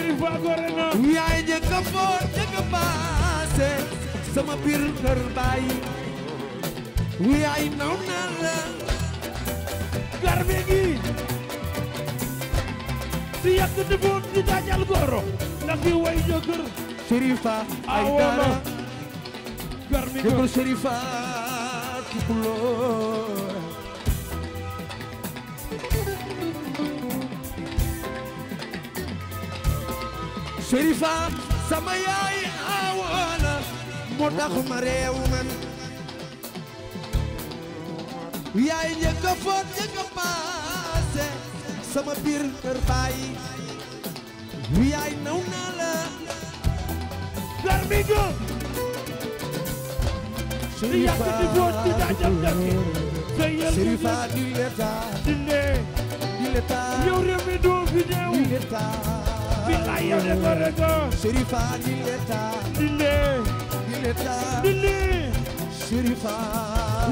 yaay njëkk a boor njëkk a paase sama biir kër baay yaay naw na la garbe si yàgg di boon di daajal goro ndax di way jëkkër Sherifa ay dara garbe gi Sherifa ki kuloo Serifa sama yaay awana moo tax ma réew man yaay njëkk foot njëkk paase sama biir kër baay yaay naw naa la garmigo Serifa Serifa di leta di leta yow réew mi doo fi néew di leta billahi yow de gore go Serifa dileta dille dileta dille Serifa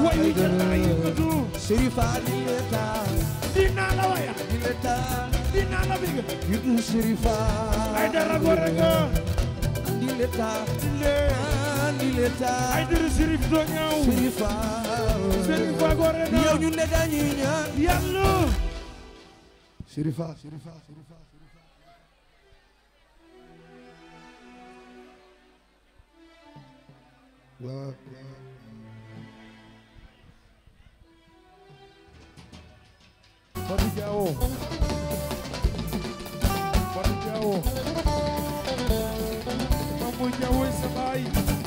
wayu jataay du Serifa dileta dina la waya dileta dina la big yudu Serifa ay ay dara Serif do ñaw Serifa ñu ne dañuy ñaan yàlla Serifa Serifa Serifa waaw Fatou Diawo Fatou Diawo Mamadou Diawo sa baay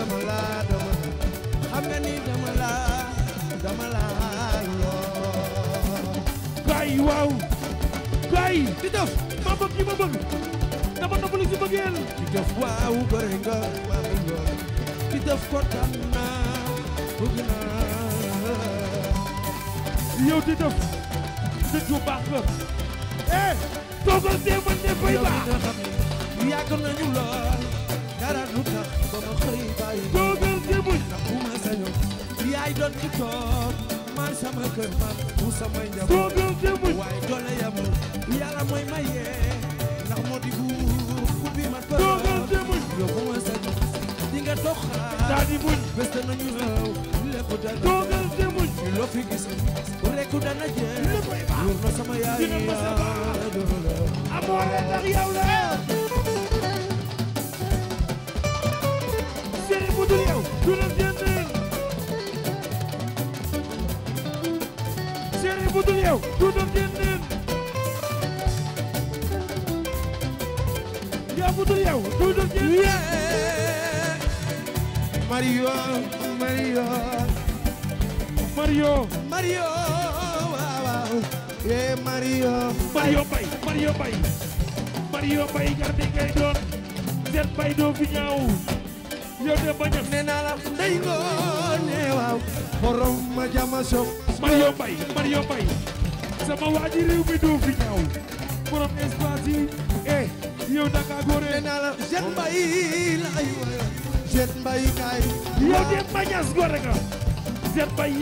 dama la dama xam nga ni dama la dama la loo. waaw. gaay di ma bëgg yi ma bëgg dama noppalu si bëggeel di def waaw bëri nga ma bëgg di def kontaan naa bëgg naa. yow di def nit yu baax la. eh toogal see man de fay baax. yàgg nañu lool dara du tax. ba ma xëy bàyyi toogal di muñ ndax bu ma sañoon yaay doon ci toog man sama kër man bu sama njaboot toogal di muñ waaye doole yamul yàlla mooy maye ndax moo di buur ku bi ma peur toogal di muñ yow bu ma sañoon di nga toog xaar daa di muñ bés nañu xew lépp dana toogal di muñ loo fi gis rekk dana jeex luur na sama yaay yaa doole amoo tax yow la Mario Mbaye garde ngay doon seen bay doo fi ñaaw yo dem ba ñëw nee naa la day ngoone waaw borom ma jama soog Mario Mbaye Mario Mbaye sama waa ji réew mi doo fi ñaaw borom espace yi eh yow danga góore nee naa la Jet Mbaye la ay waay Jet Mbaye kaay yow dem ba ñas góore nga Jet Mbaye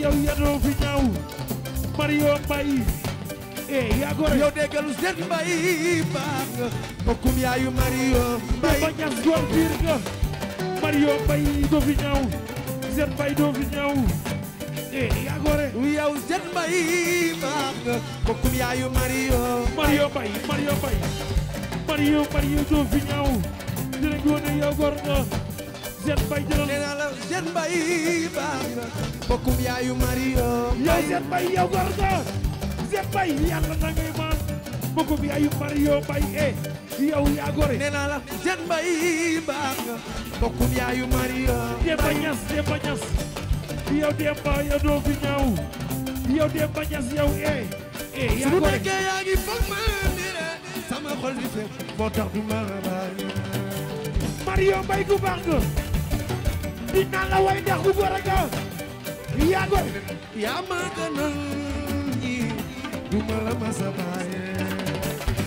yaa góore yow déggalu Jet Mbaye baax nga yaayu Mario Mbaye ba ñas góor biir nga Mario Mbaye doo fi ñaaw Zed Mbaye doo fi ñaaw eh yaa gore yow Zed Mbaye baax nga bokkum yaayu Mario Mario Mbaye Mario Mbaye Mario Mario doo fi ñaaw dinañ wone yow gor nga Zed Mario yow Zed Mbaye yow gor nga Zed bugu bi ayu Mario Mbay eh yow yaa gore nee naa la Jeune Mbay baax nga bokkum yaayu Mario Demba Ñas Demba Ñas yow Demba yow doo fi ñaaw yow Demba Ñas e, e, yaa gore su nekkee yaa ngi di feex la way ndax bu gore nga yaa gore yaa ma gënal ñi du ma la ma sa baaye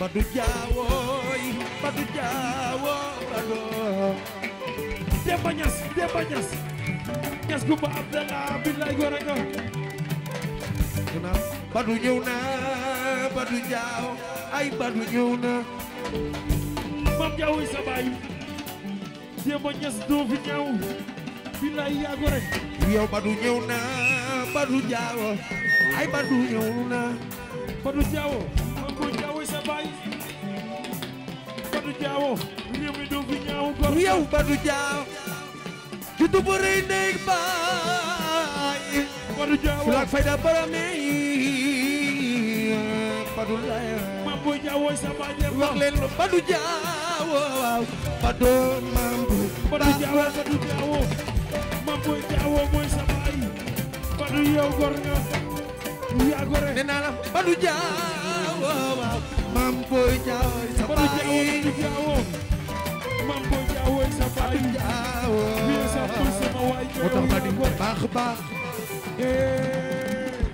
Badu Jaawoy Badu Jaawo Badu Demba Ñas Demba Ñas Ñas gumba Abdallah billaay góor ak Badu ñëw na Badu Jaaw ay Badu ñëw na Mam Jaawoy sa baay Demba Ñas doo fi ñëw billaay yaa góor ak yow Badu ñëw na Badu Jaawo ay Badu ñëw na Badu Jaawo Mam baay Badou Diawo réew mi doo fi ñaaw gor yow Badou Diaw juddu bu rëy ndey baay Badou Diaw fulaak fayda barame yi Badou lay Mam Boy Diaw sa baaje wax leen lu Badou Diaw Badou Mam Badou Diaw Badou Diaw Mam sa baay Badou yow gor nga yaa gore nee naa la Badou Diaw mam boy jaawoy sa baay mam boy jaawoy sa baay wiya sa pul sama waay moo tax ma di baax baax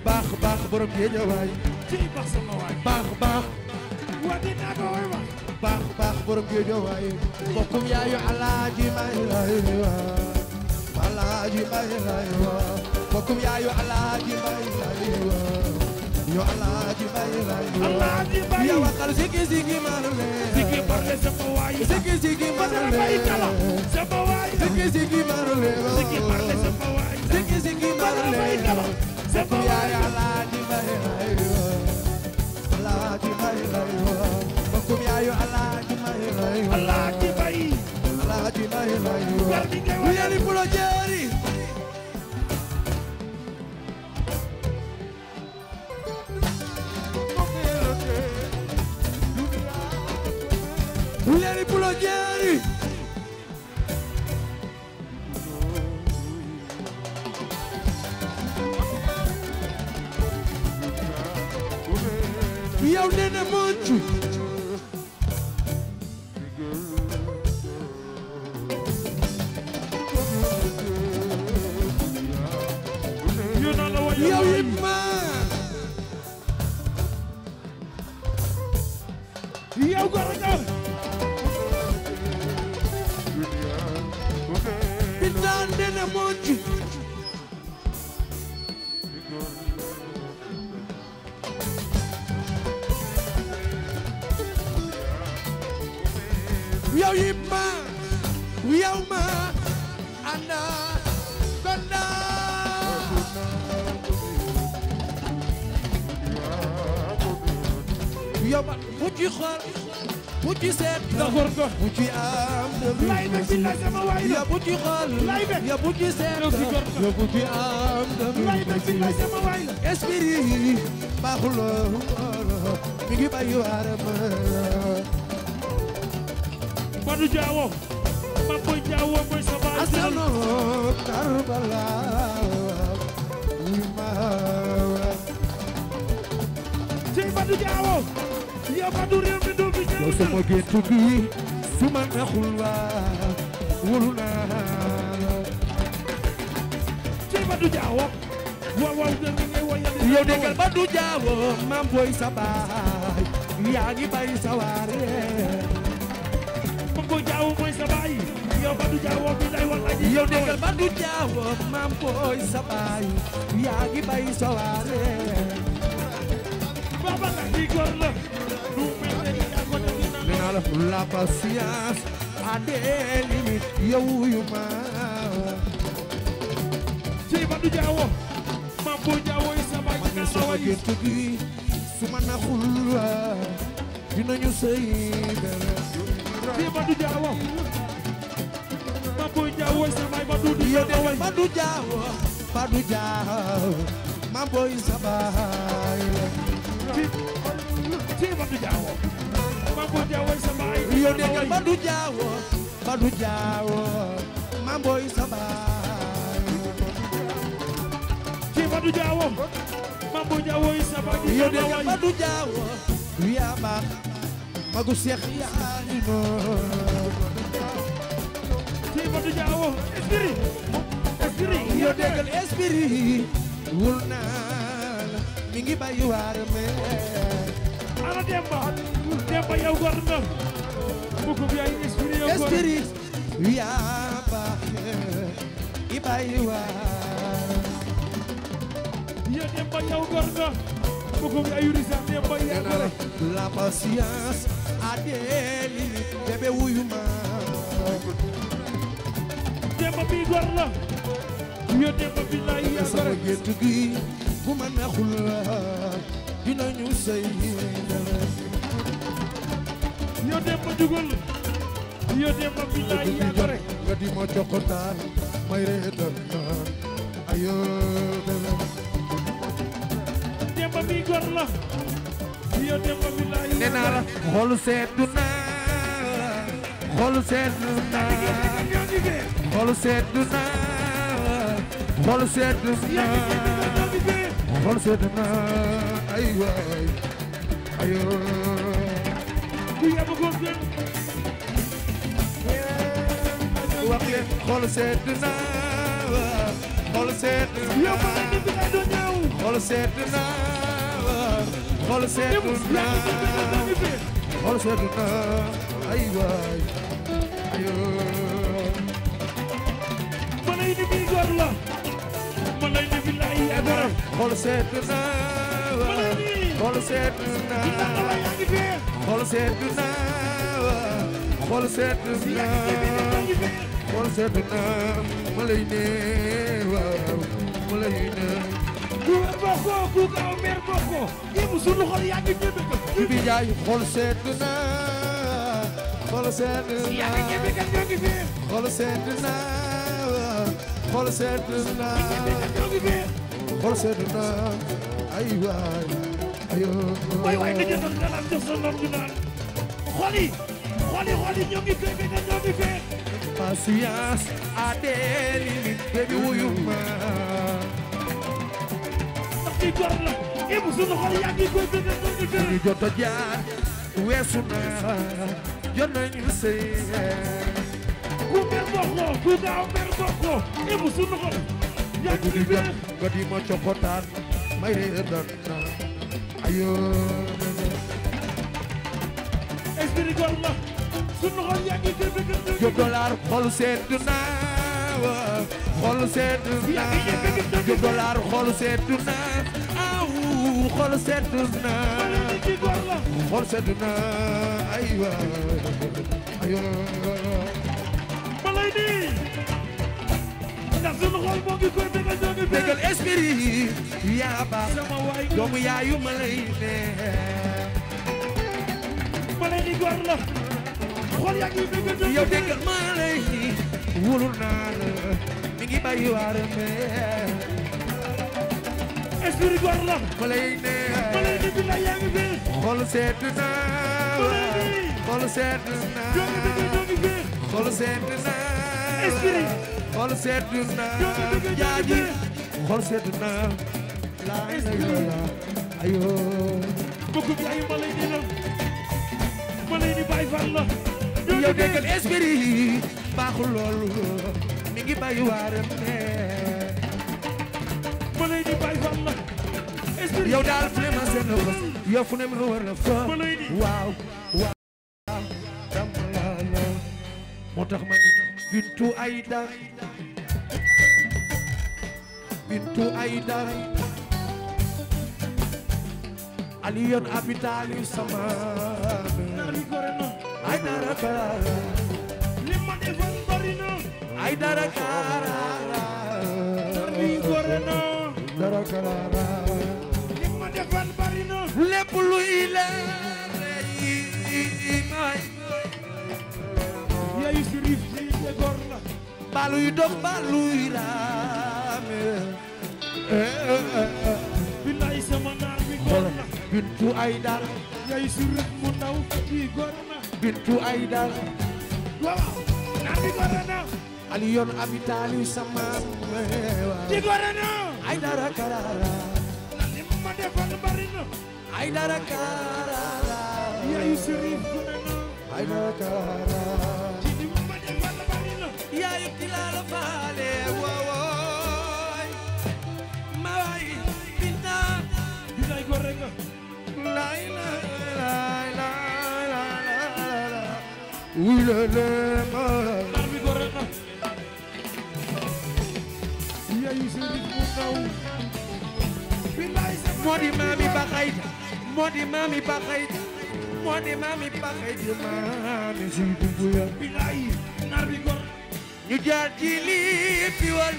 baax baax borom géeja waay baax baax baax baax borom géeja waay bokkum yaayu alaaji may lay waay alaaji may lay waay bokkum yaayu alaaji may lay waay yo alaaji baye baye alaaji baye ya wakal siki siki marale siki marale sama waay siki siki marale baye kala sama waay siki siki marale siki marale sama waay siki siki marale baye kala sama waay alaaji baye baye alaaji baye baye bakum ya yo alaaji baye baye alaaji baye alaaji baye baye yali pulo jeri Bulognieri, Bulognieri! Yow nee na mën اليوم أنا كنا يوم بوجي خار بوجي سيد دافوركو بوجي أم لايبك بالله سما وايد يا بوجي خار لايبك يا بوجي سيد يا بوجي أم لايبك بالله سما وايد اسبري ما خلو ميجي بايو عرب Manu Jawo. mooy jaawo mooy sa baay asano karbala imawa tey badu jaawo ya badu réew mi doomi jaawo yow sama géntu bi suma naxul waa wóolu naa tey badu jaawo waaw waaw gërëm ngay woyal yow déggal jaawo maam booy sa baay bay sa waar ko jaaw mooy sa yow Badou Diawo bi day wal aji yow déggal Badou Diawo maam booy sa baay yaa bay sa waare baba na di góor la du la la patience a des limites yow yu ma ci Badou Diawo maam booy Diawo sa baay na sa waay su ma naxul dinañu sëy dara ci Badou Boy Diaw way sa baay Badou Diaw way Badou Diaw Badou ci Badou Diaw ma boy Diaw way sa baay yo déggal Badou Diaw Badou Diaw ma boy sa baay ci Badou Diaw ma boy Diaw way sa baay yo déggal Badou Diaw wi ama Mamadou Diawo esprit esprit yo déggal esprit wul naa la mi ngi bàyyi waar me ana Demba Demba yow góor nga buku bi ay esprit yow góor esprit yaa baax i bàyyi waar yo Demba yow góor nga buku bi ay risa Demba yaa góor la patience a des limites bébé wuyu ma ma bii gor la ñoo dem ma bii laay yaa sama gétt gi bu ma neexul la dinañu sëy ñoo dem ma jugal ñoo dem ma bii laay yaa gore nga di ma jokkotaan may reetal naan ayoo dara dem ma bii gor la ñoo dem ma bii laay nee naa la xolu seet du naa xolu seet du naa xol seddu na xol seddu na xol seddu na ay waay ayo ku yabu ko gën wax leen xol seddu na xol seddu na yow ma ni bi do ñaw xol seddu na xol seddu na xol seddu na ay waay ayo bi góor la man lay defi la ay dara xool seet na xool seet na xool seet na xool seet na xool seet na ma lay ne waaw ma lay ne ku wér bokkoo ku gaaw mer bokkoo ñi mu sunu xol yaa ngi ñebe ko bi jaay xool seet na xool seet na xool seet na xol seetlu na xol seetlu na ay waay ayoo waay waay dañu doon dalal jox sa nopp ñu naan xol yi xol yi xol yi ñoo ngi fee ñoo ngi fee patience à des limites baby wuyu ma ndax di gor la ibu sunu xol yaa ngi koy bëgg ñoo ngi fee ñu jot a jaar weesu na jot nañu sëy non ku daaw mer bokko e musul ko yagudi jot godi may re don na ayo esprit gol la sunu xol yagi te be te job dollar xol sedd na xol sedd na job dollar xol sedd na aw xol sedd na xol sedd na aywa aywa ndax sama xol moo ngi koy bégal ñoo ngi bégal esprit yaa baax sama waay ma lay ma lay ni góor la xol yaa ngi bégal ñoo yow mi ngi bàyyi waare me esprit góor ma lay ma lay ni bila yaa ngi bégal xol seet naa xol seet naa xol seet naa esprit xol sedd na jaaji xol sedd na la ayo bokku bi ayo malay ni la malay ni bay fan la yow déggal esprit baaxul loolu mi ngi bàyyi waaram ne malay ni bay fan la esprit yow daal fu ne ma seen la yow fu ne ma war la fa waaw waaw dam la moo tax ma Bintu Aïda Bintu Aïda Aliyon abitali sama Aïda Rakara Lima defan barina Aïda Rakara Tarni gorena Aïda Rakara Lima defan barina Lepp lu ile rey may te góor la baluy dog baluy raame billaay sama naar bi góor la bintu ay yay surut mu ndaw kii góor na bintu ay dal waaw naar bi góor aliyon abi taaliw sama di góor na ay dara karara na li ma defal bari na ay dara karara yaayu Tilaala Faale waawooy ma waay binta binta góor rek laay laay laay laay wulele ma mar bi góor rek yaayu sëriñ bu kaw moo di maami Baxayta moo di maami Baxayta moo di maami Baxayta maami si dumbuya bilaay nar bi góor ñu jaar ci lii fi wan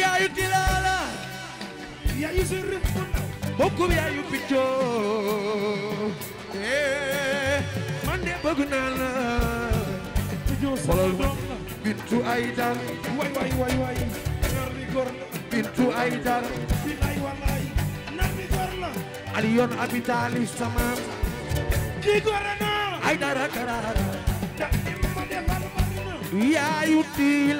yaayu tilaala yaayu sër bu ndaw bokkum yaayu piccoo eh, man de bëgg naa la ay dar way way way way bintu ay dar bilay walay nar mi gor la aliyon abitali sama ki gor na ay dara karara yaayu tii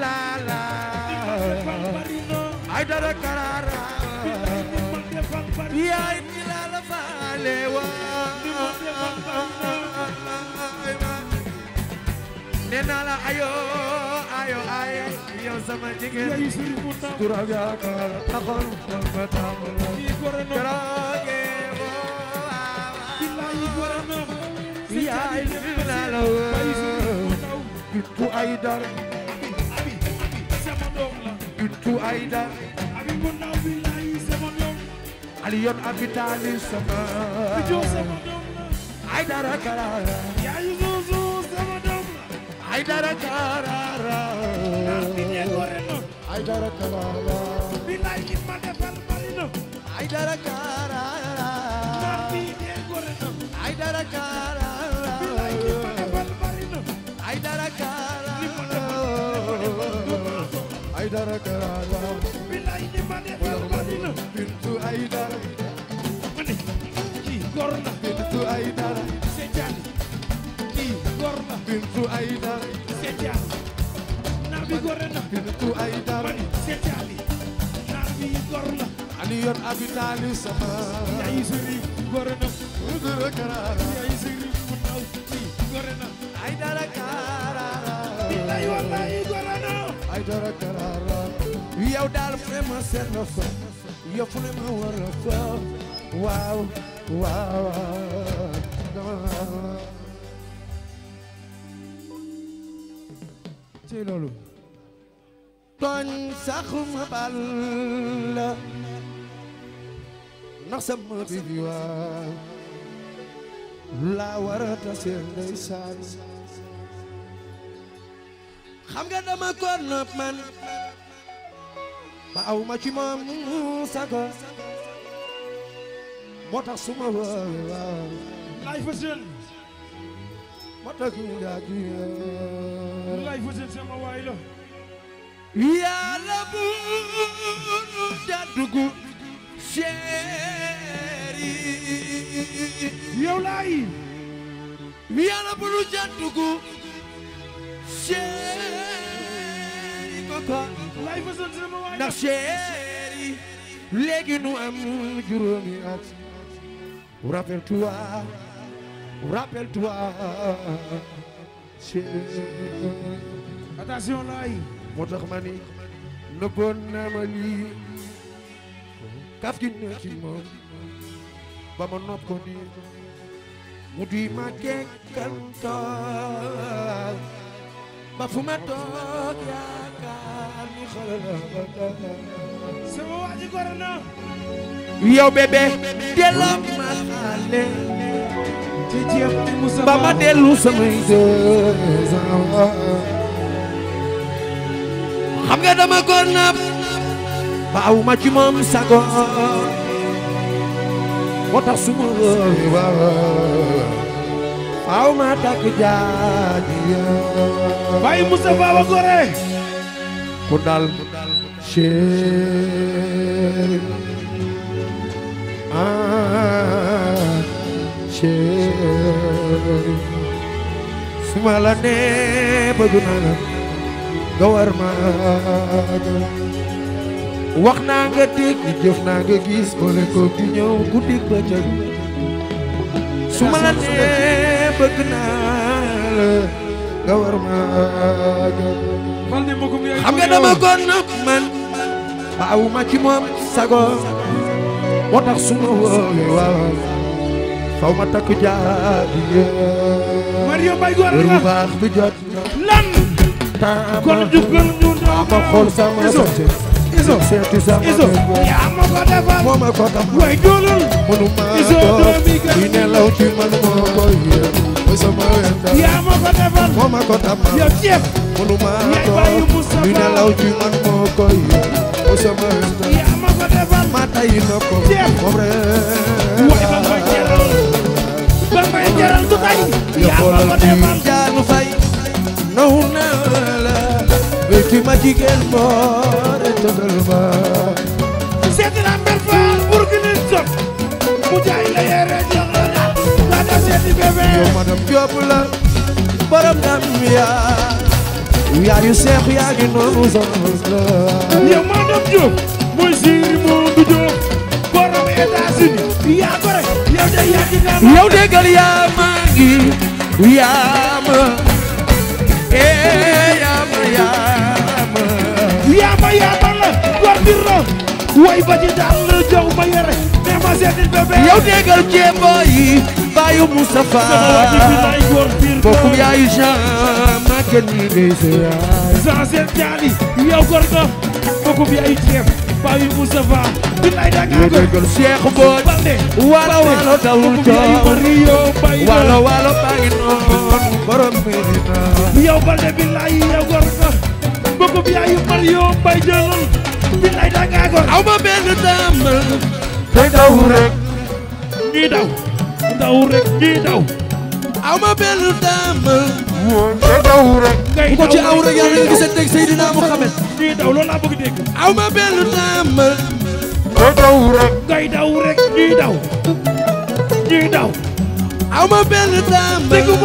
ay dara karara yaayu tii laa la faale waa nee naa la ayo ayo ay yow sama jigéen turam yaa ko taxoon kon ba taxoon karaage waa waa yaayu tii laa la waa Bintu Aydar Bintu Aydar Aliyon Abitali sama Aydar Karara Aydar Karara Aydar Karara Bilay ki ma defal bari na Aydar Karara Aydar Karara dara karata billahi ni ma def madina bintu ay dara mani ki góor la bintu ay dara sejan ki góor la bintu ay dara sejan naar bi góor na bintu ay dara mani sejali naar bi góor la aliyon abi talib sama yayi siri góor na dara karata yayi siri munaw ki góor na ay dara karata billahi wallahi góor na ay dara karara yow daal vraiment seet na fa yow fu ne ma war waaw waaw ci loolu tooñ saxuma bal la ndax sama bi bi waaw laa war a tasee ndeysaan xam nga dama ko nopp man ba aw ma ci moom moo tax suma waaw waaw fa seen moo tax nga ji laay fa seen sama waay la yàlla bu nu jàddugu chéri yow laay yàlla bu nu jàddugu chéri koko lay façon si dama waaj ndax chéri léegi nu am juróomi at rappelle-toi rappelle-toi chéri attention lay moo tax ma ni nëbboon na ma kaf gi ne ci ba ma nopp ko nii mu di ma kekkantal ba fu ma toog yaakaar ni xoolal sama wax ji góor na yow bébé delloo ma xale te jeex ba ma dellu samay deux ans xam nga dama góor ba aw ma ci moom moo tax suma faaw ma takk jaaji yow bay Moustapha wa gore ku dal chéri ah chéri su ma la nee bëgg naa la nga war ma wax naa nga dégg jëf gis boole ko di ñëw guddi bëccëg su ma bëgg naa maa gëm xam nga dama ko nopp man baaw ma ci moom sago moo tax suma woowee waaw faw ma takk jaabi Mario Mbay góor la bu baax bi jot lan kon jukal ñu ma xool sama iso iso yaa ma ko defal moo ma ko defal way dulul iso doomi gën di nelaw ci man moo ko yéem yaa ma ko defal moo ma ko defal yow ceeb yaay bàyyi Musa di nelaw ci man moo ko yéem yaa ma ko defal ma tayi na ko ceeb moom rek way ba ma jaral ba ma jaral du tay yaa ma ko defal jaanu fay naw na seeti ma jigéen boore tëgal ma a na mber faal burkini jot mu jaay la yére jox la daal nga dem seeti la borom dam yaa yaa la yow madam Jóob mooy siiri moo du Jóob borom États-Unis yaa ko rek yow de yaa ngi naan yow déggal yaa maa ee yaa ma yaama yaama la góor bi rëb way ba ci a la jox ma yore ne ma seeti bébé yow déggal jéem yi baayu Moustapha bokkum yaayu Jean ma kenn nii dey sa yaay Jean seen jaali yow góor nga bokkum yaayu jéem baayu Moustapha billaay da nga déggal Cheikh Boy wala wala dawul toog wala wala baa ngi noonu borom Medina yow Balde billaay yow góor bëggub yaayu Mario Mbaye jëlal bi lay dangaa ko aw ma benn dàmbal te daw rek ñii daw daw rek daw aw ma benn dàmbal te daw rek bu ko ci daw aw ma benn dàmbal te daw rek ngay daw rek daw aw ma benn dàmbal déggu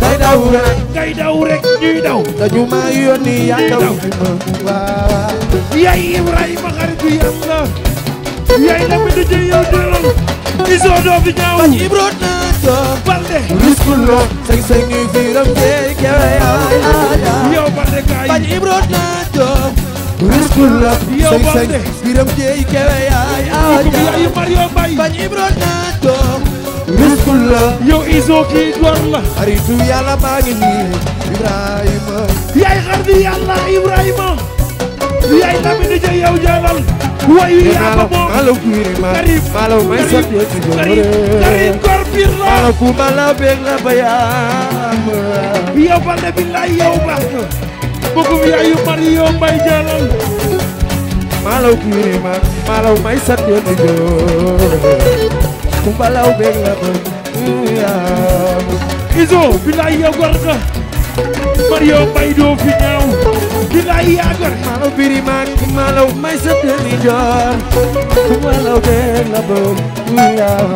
day daw rek ngay daw rek ñuy daw dañu ma yónni yaa daw fi ma waaw yaay Ibrahima xarit bi am na yaay la mi dëjë yow dëral iso doo fi ñaaw balde riskul loo sañ sañ ñuy firam te kewe yaay yow balde kaay bañ ibro na na doo rusul la yow iso kii góor la xaritu yàlla baa ngi nii Ibrahima yaay xaritu yàlla Ibrahima yaay nabi ni ja yow jaanal wayu yaa ba moom maalo kuiri maalo may sot yee ti joore karim góor piir la maalo ku maala beeg la ba yaama yow ba le billaay yow ba bugum yaayu Mario Mbay jaanal maalo kuiri maalo may sot yee ti joore kumbalaw beeg la bëgg yaa iso bilaay yow gor nga Mario Mbaye doo fi ñaaw bilaay yaa gor maalaw biri maag maalaw may sa demi joor kumbalaw beeg la bëgg yaa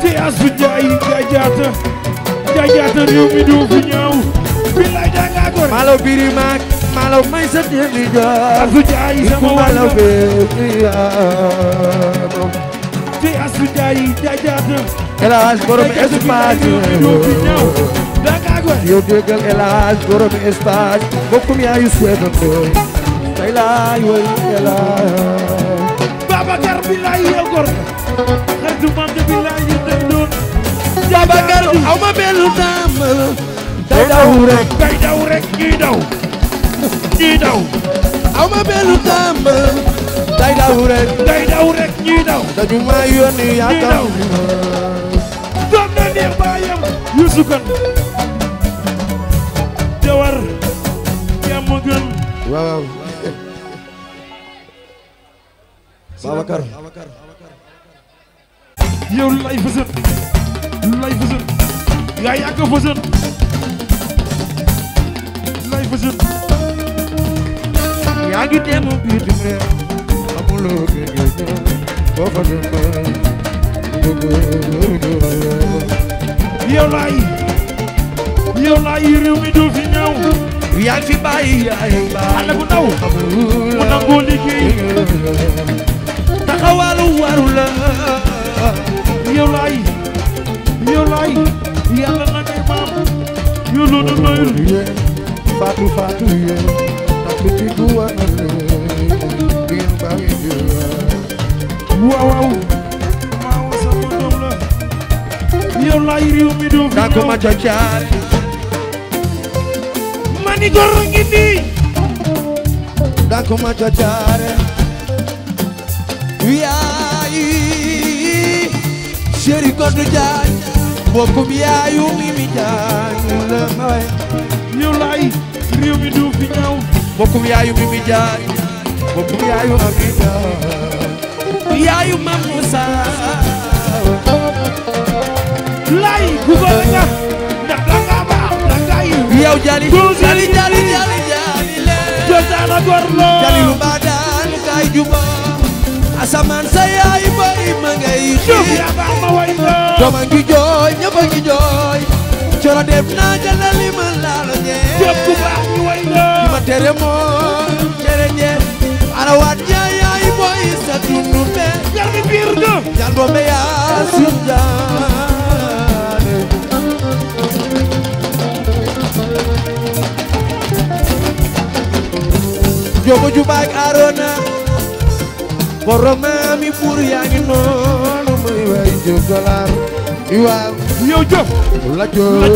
te asu njaay jaajaata jaajaata réew mi doo fi ñaaw bilaay daa ngaa gor maalaw biri maag maalaw may sa demi joor asu njaay sama wàll fi asu jayi jajaat El Hadj borom espace yow déggal El Hadj borom espace bokkum yaayu seetandoo tey laay woy El Hadj Babacar billaay yow gor xaritu mam de billaay yow tey doon Babacar aw ma melu naam day daw rek day daw rek ñuy daw ñuy daw aw ma melu naam day daw rek day daw rek ñuy daw dañu may yónni yaa daw doom na neex baayam Youssou Kane jawar jàmm gën waaw Babacar yow lu lay fësën lu lay fësën yaa yàgg fësën lu lay fësën yaa ngi dem bitim réew yow laay yow laay réew mi du fi ñëw yaay fi bàyyi yaay xale bu ndaw mu nangoo liggéey taxawalu waru la yow laay yow laay yàlla na ngay maam yow loolu doyul faatu faatu yow ak ci duwa na waaw waaw maa woo sama doom la yow laay réew mi doom daa ko ma jacaare mani gor ngi nii daa ko ma jacaare yaayi chéri Codou Diagne bokkum yaayu Mimi Diagne la may yow laay réew mi du fi ñaaw bokkum yaayu Mimi Diagne bokkum yaayu Ami Diagne yaayu Mame Moussa lay ku góor nga ndax danga baax danga yi yow jali jali jali jali jali le jotaana góor loo jali lu baa daan kay asamaan sa yaay bari ma ngay xiif yaa baax ma way la dooma jooy ñëpp a ngi jooy coro def naa jëlal ma laal ñee ñëpp ku baax ñu way ma tere moom tere ñee ana ngome ya Sinjane jogo juba ak Arona borom mi buur yaa ngi noonu muy way jëf dollar waaw yow jëf la jëf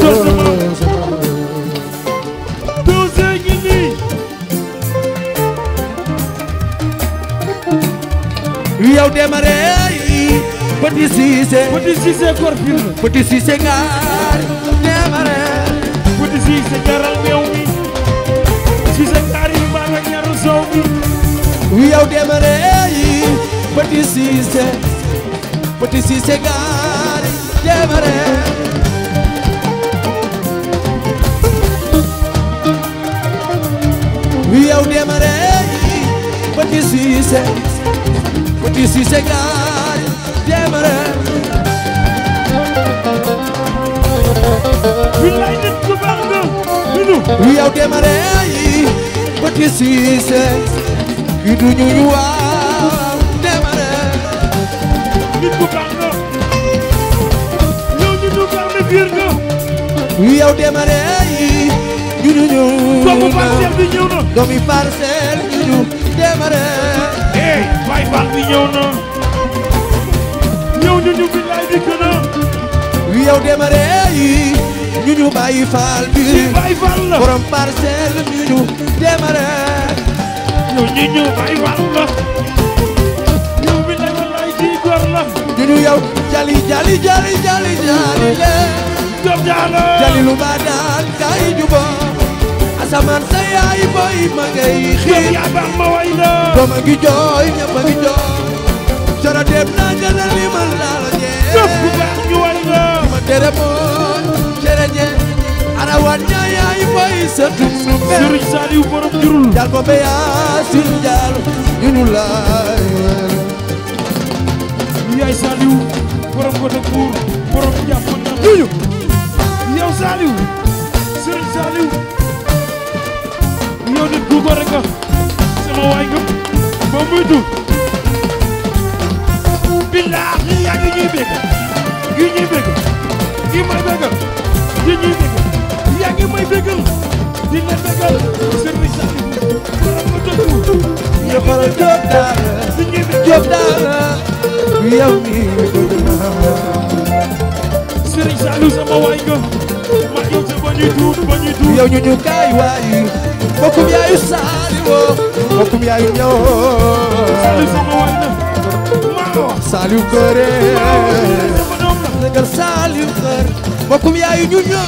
yow demare Petit Cissé Petit Cissé Corpure Petit Cissé ngaar ñamare Petit Cissé jaral meew mi Cissé ngaar yi maa nga ñaru soow mi yow demare yi Petit Cissé Petit Cissé ngaar ñamare yow demare yi Petit Cissé Petit Cissé ngaar ree billaay nit ku baax nga binu ki du ñu ñu waaw dema ku baax nga yow nit ku biir nga yow dema ree yi ñu ñu ñu doomu parcelle bi ñëw na doomu parcelle ñu ñu dema ree ey ñu ñu billaay bi gën a wi yow demare ñu ñu bàyyi faal bi bàyyi faal la borom parcelle ñu ñu demare ñu ñu ñu bàyyi faal la yow ñu ñu yow jali jali jali jali jali le góor jaalo jali lu ma kay juba asamaan sa boy ma xiir góor yaa baax ma way jooy ñëpp a jooy coro dem na gën a limal naa ñee sëf bu baax ñu way ma tere mooy cere ñee ana wan ñaa yaay sa tum nu mel Sëriñ Saliou jurul jaal ko beyaa sin jaal ñu ñu laay yaay Saliou borom ko te buur borom jàpp na ñu yow Saliou Sëriñ Saliou yow nit bu ko rek sama waay billaahi yaa ngi ñuy bëgg ngi ñuy bëgg ngi may bëggal ngi ñuy bëgg yaa ngi may bëggal di la bëggal service ak borom ma tëggu ya faral jóob daara di ñuy bëgg jóob daara yow mi Serigne Saliou sama waay nga ma yow sa ba ñuy tuut ba ñuy tuut yow ñu ñu kaay waay bokkum yaayu Saliou bokkum yaayu ñëw Saliou sama waay na Saliou Kër dëggal Saliou Kër mbokkum yaayu ñu eh,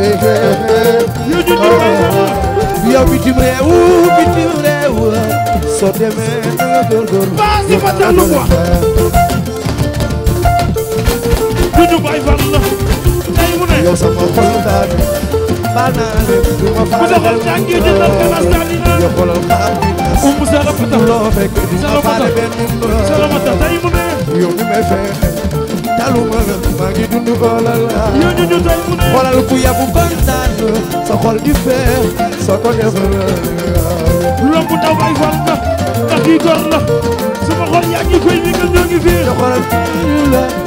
eh, eh. ñu ñu ñu yow ñu ñu bàyyi fan la yow sama kontaan baal naa leen du ma baal leen mu tànk yi jëndal ko nastalina yow xoolal xaar bi nas um sala fata loo fekk di ma faale benn mbër sala fata tey mu ne yow mi may fexe taluma la maa ngi dund xoolal yow ñu ñu tey mu sa xol di feex soo ko defal lombu taw bay fal nga ndax kii gor la sama yaa ngi koy mi nga fii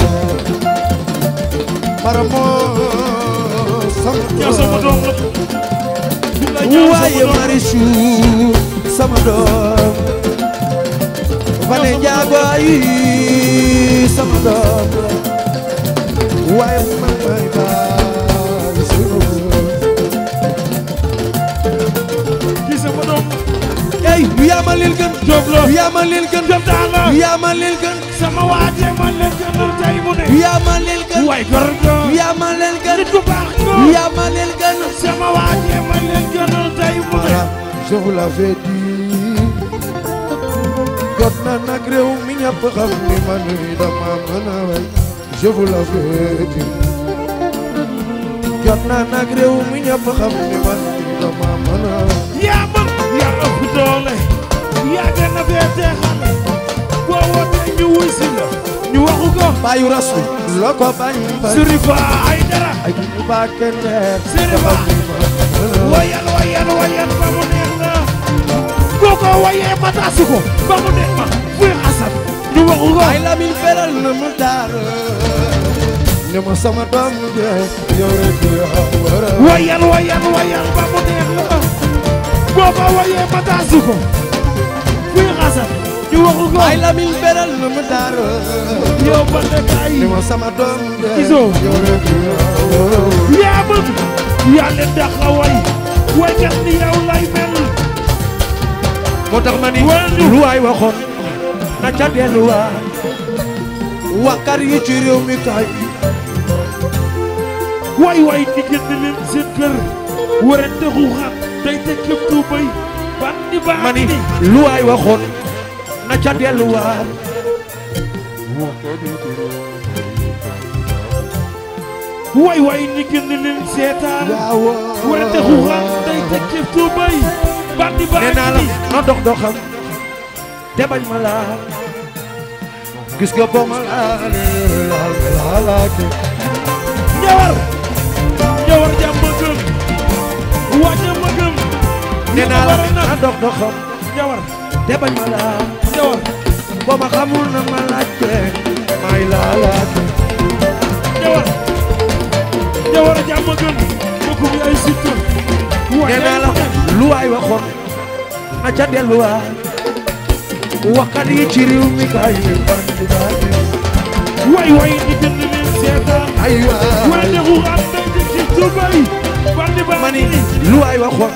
waaye Marichou sama doom Fane Ndiago ayi sama doom waaye man maay baay sunu kii sama doom ey yaa ma lil gën yaa ma lil gën yaa ma lil gën sama waaj yaa ma leen gënal tey mu yaa ma leen gën waay gor nga. yaa ma leen gën nit ku baax yaa ma leen gën a way. je vous man yaa mën yaa ëpp a féete wuy si la ñu waxu ko bàyyi rasul loo ko bàyyi Cherif ay dara ay ñu ba kenn Cherif wayal wayal wayal ba mu neex na koko wayee ma taasu ko ba mu neex ma fuy xasal ñu waxu ko ay lamin feral na mu daar ne ma sama doom de yow rek wayal wayal wayal ba mu neex na koko wayee ma taasu ko waxu ko ay Lamine beral lu mu daaro yow ba nekk ay ma sama doom iso yaa bëgg yaa la way way def ni lay mel moo tax ma lu waay waxoon na ca delluwaat wakar yi ci réew mi kaay waay waay diggante leen seen kër warante xuuxaat day teg lépp bay ban baax ni lu waay waxoon ca delluwaat way way ñi gën di leen seetaan wérante xuuxaan day teg cëf tuubay bandi bandi nee naa la na dox doxam te bañ ma laal gis nga boo ma laalee laal nga laalaate ñawar ñawar jàmm ma gëm wàcce ma gëm la na dox doxam ñawar te bañ ma laal yoon boo ma xamul na ma laajte may la laaj jawar jawar a jàmm gën bokku bi naa la lu waay waxoon na ca delluwaay waxkat yi ci réew mi kaay ban di baaji way way di gën seetaan ay way defu ànd ak ci tubay ban di baaji mani lu waay waxoon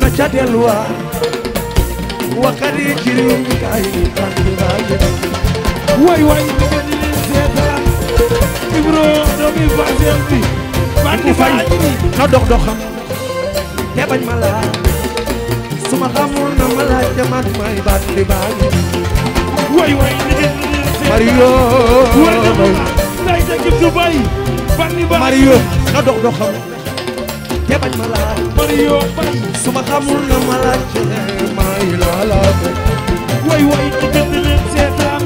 na ca delluwaay وقري كريم واي واي بجد الانسيطان إبرو دومي فاسيل بي باني فاجري ندوخ دوخم تبج ملا سما خامون ملا جمال ماي باني باني واي واي بجد الانسيطان ماريو ورد ملا لايتا كيف دبي باني باني ماريو ندوخ دوخم te bañ ma laaj Mario su ma xamul na ma laaj maa ngi laa way way ci dënd leen seetaan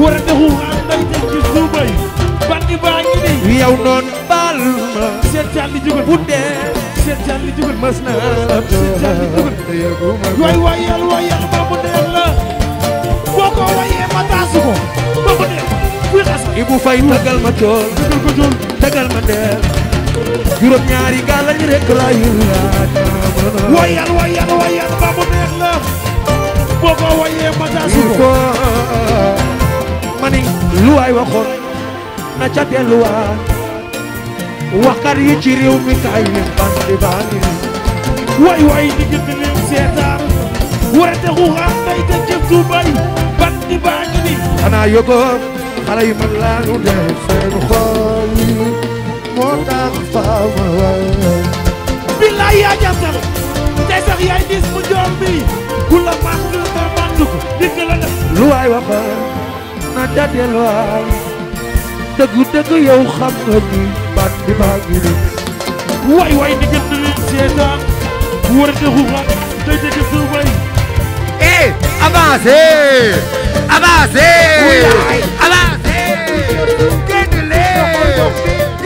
war a dexu ànday te ci suubay bandi baa ngi ni noon baal ma seetaan li jugal bu dee seetaan li jugal mas na seetaan li jugal way way yal way yal ba mu neex la boo ko wayee ma taasu ko ba mu neex fay tagal ma cool tagal ma juróom ñaari gaal lañ rek rayu wayal wayal wayal ba mu neex la wayee ma taasu ko mani lu waay na ca delluwaat yi ci réew mi kaay leen bandi bandi way way digg bi leen seetaan warate xuuxaan bay te jëf tu bay bandi baa ngi ni xanaa yëgoon xale yi man fawa billaay yaa jantal tey sax yaay dis mu joom bi ku la maas lu ma mànd ko nit la def lu waay waxa na dadel waay dëggu dëggu yow xam nga ni baat bi maa ngi ni waay waay ni gën na leen seetaan wër te xuxa te jëgg suubay eh avancé avancé avancé génn leen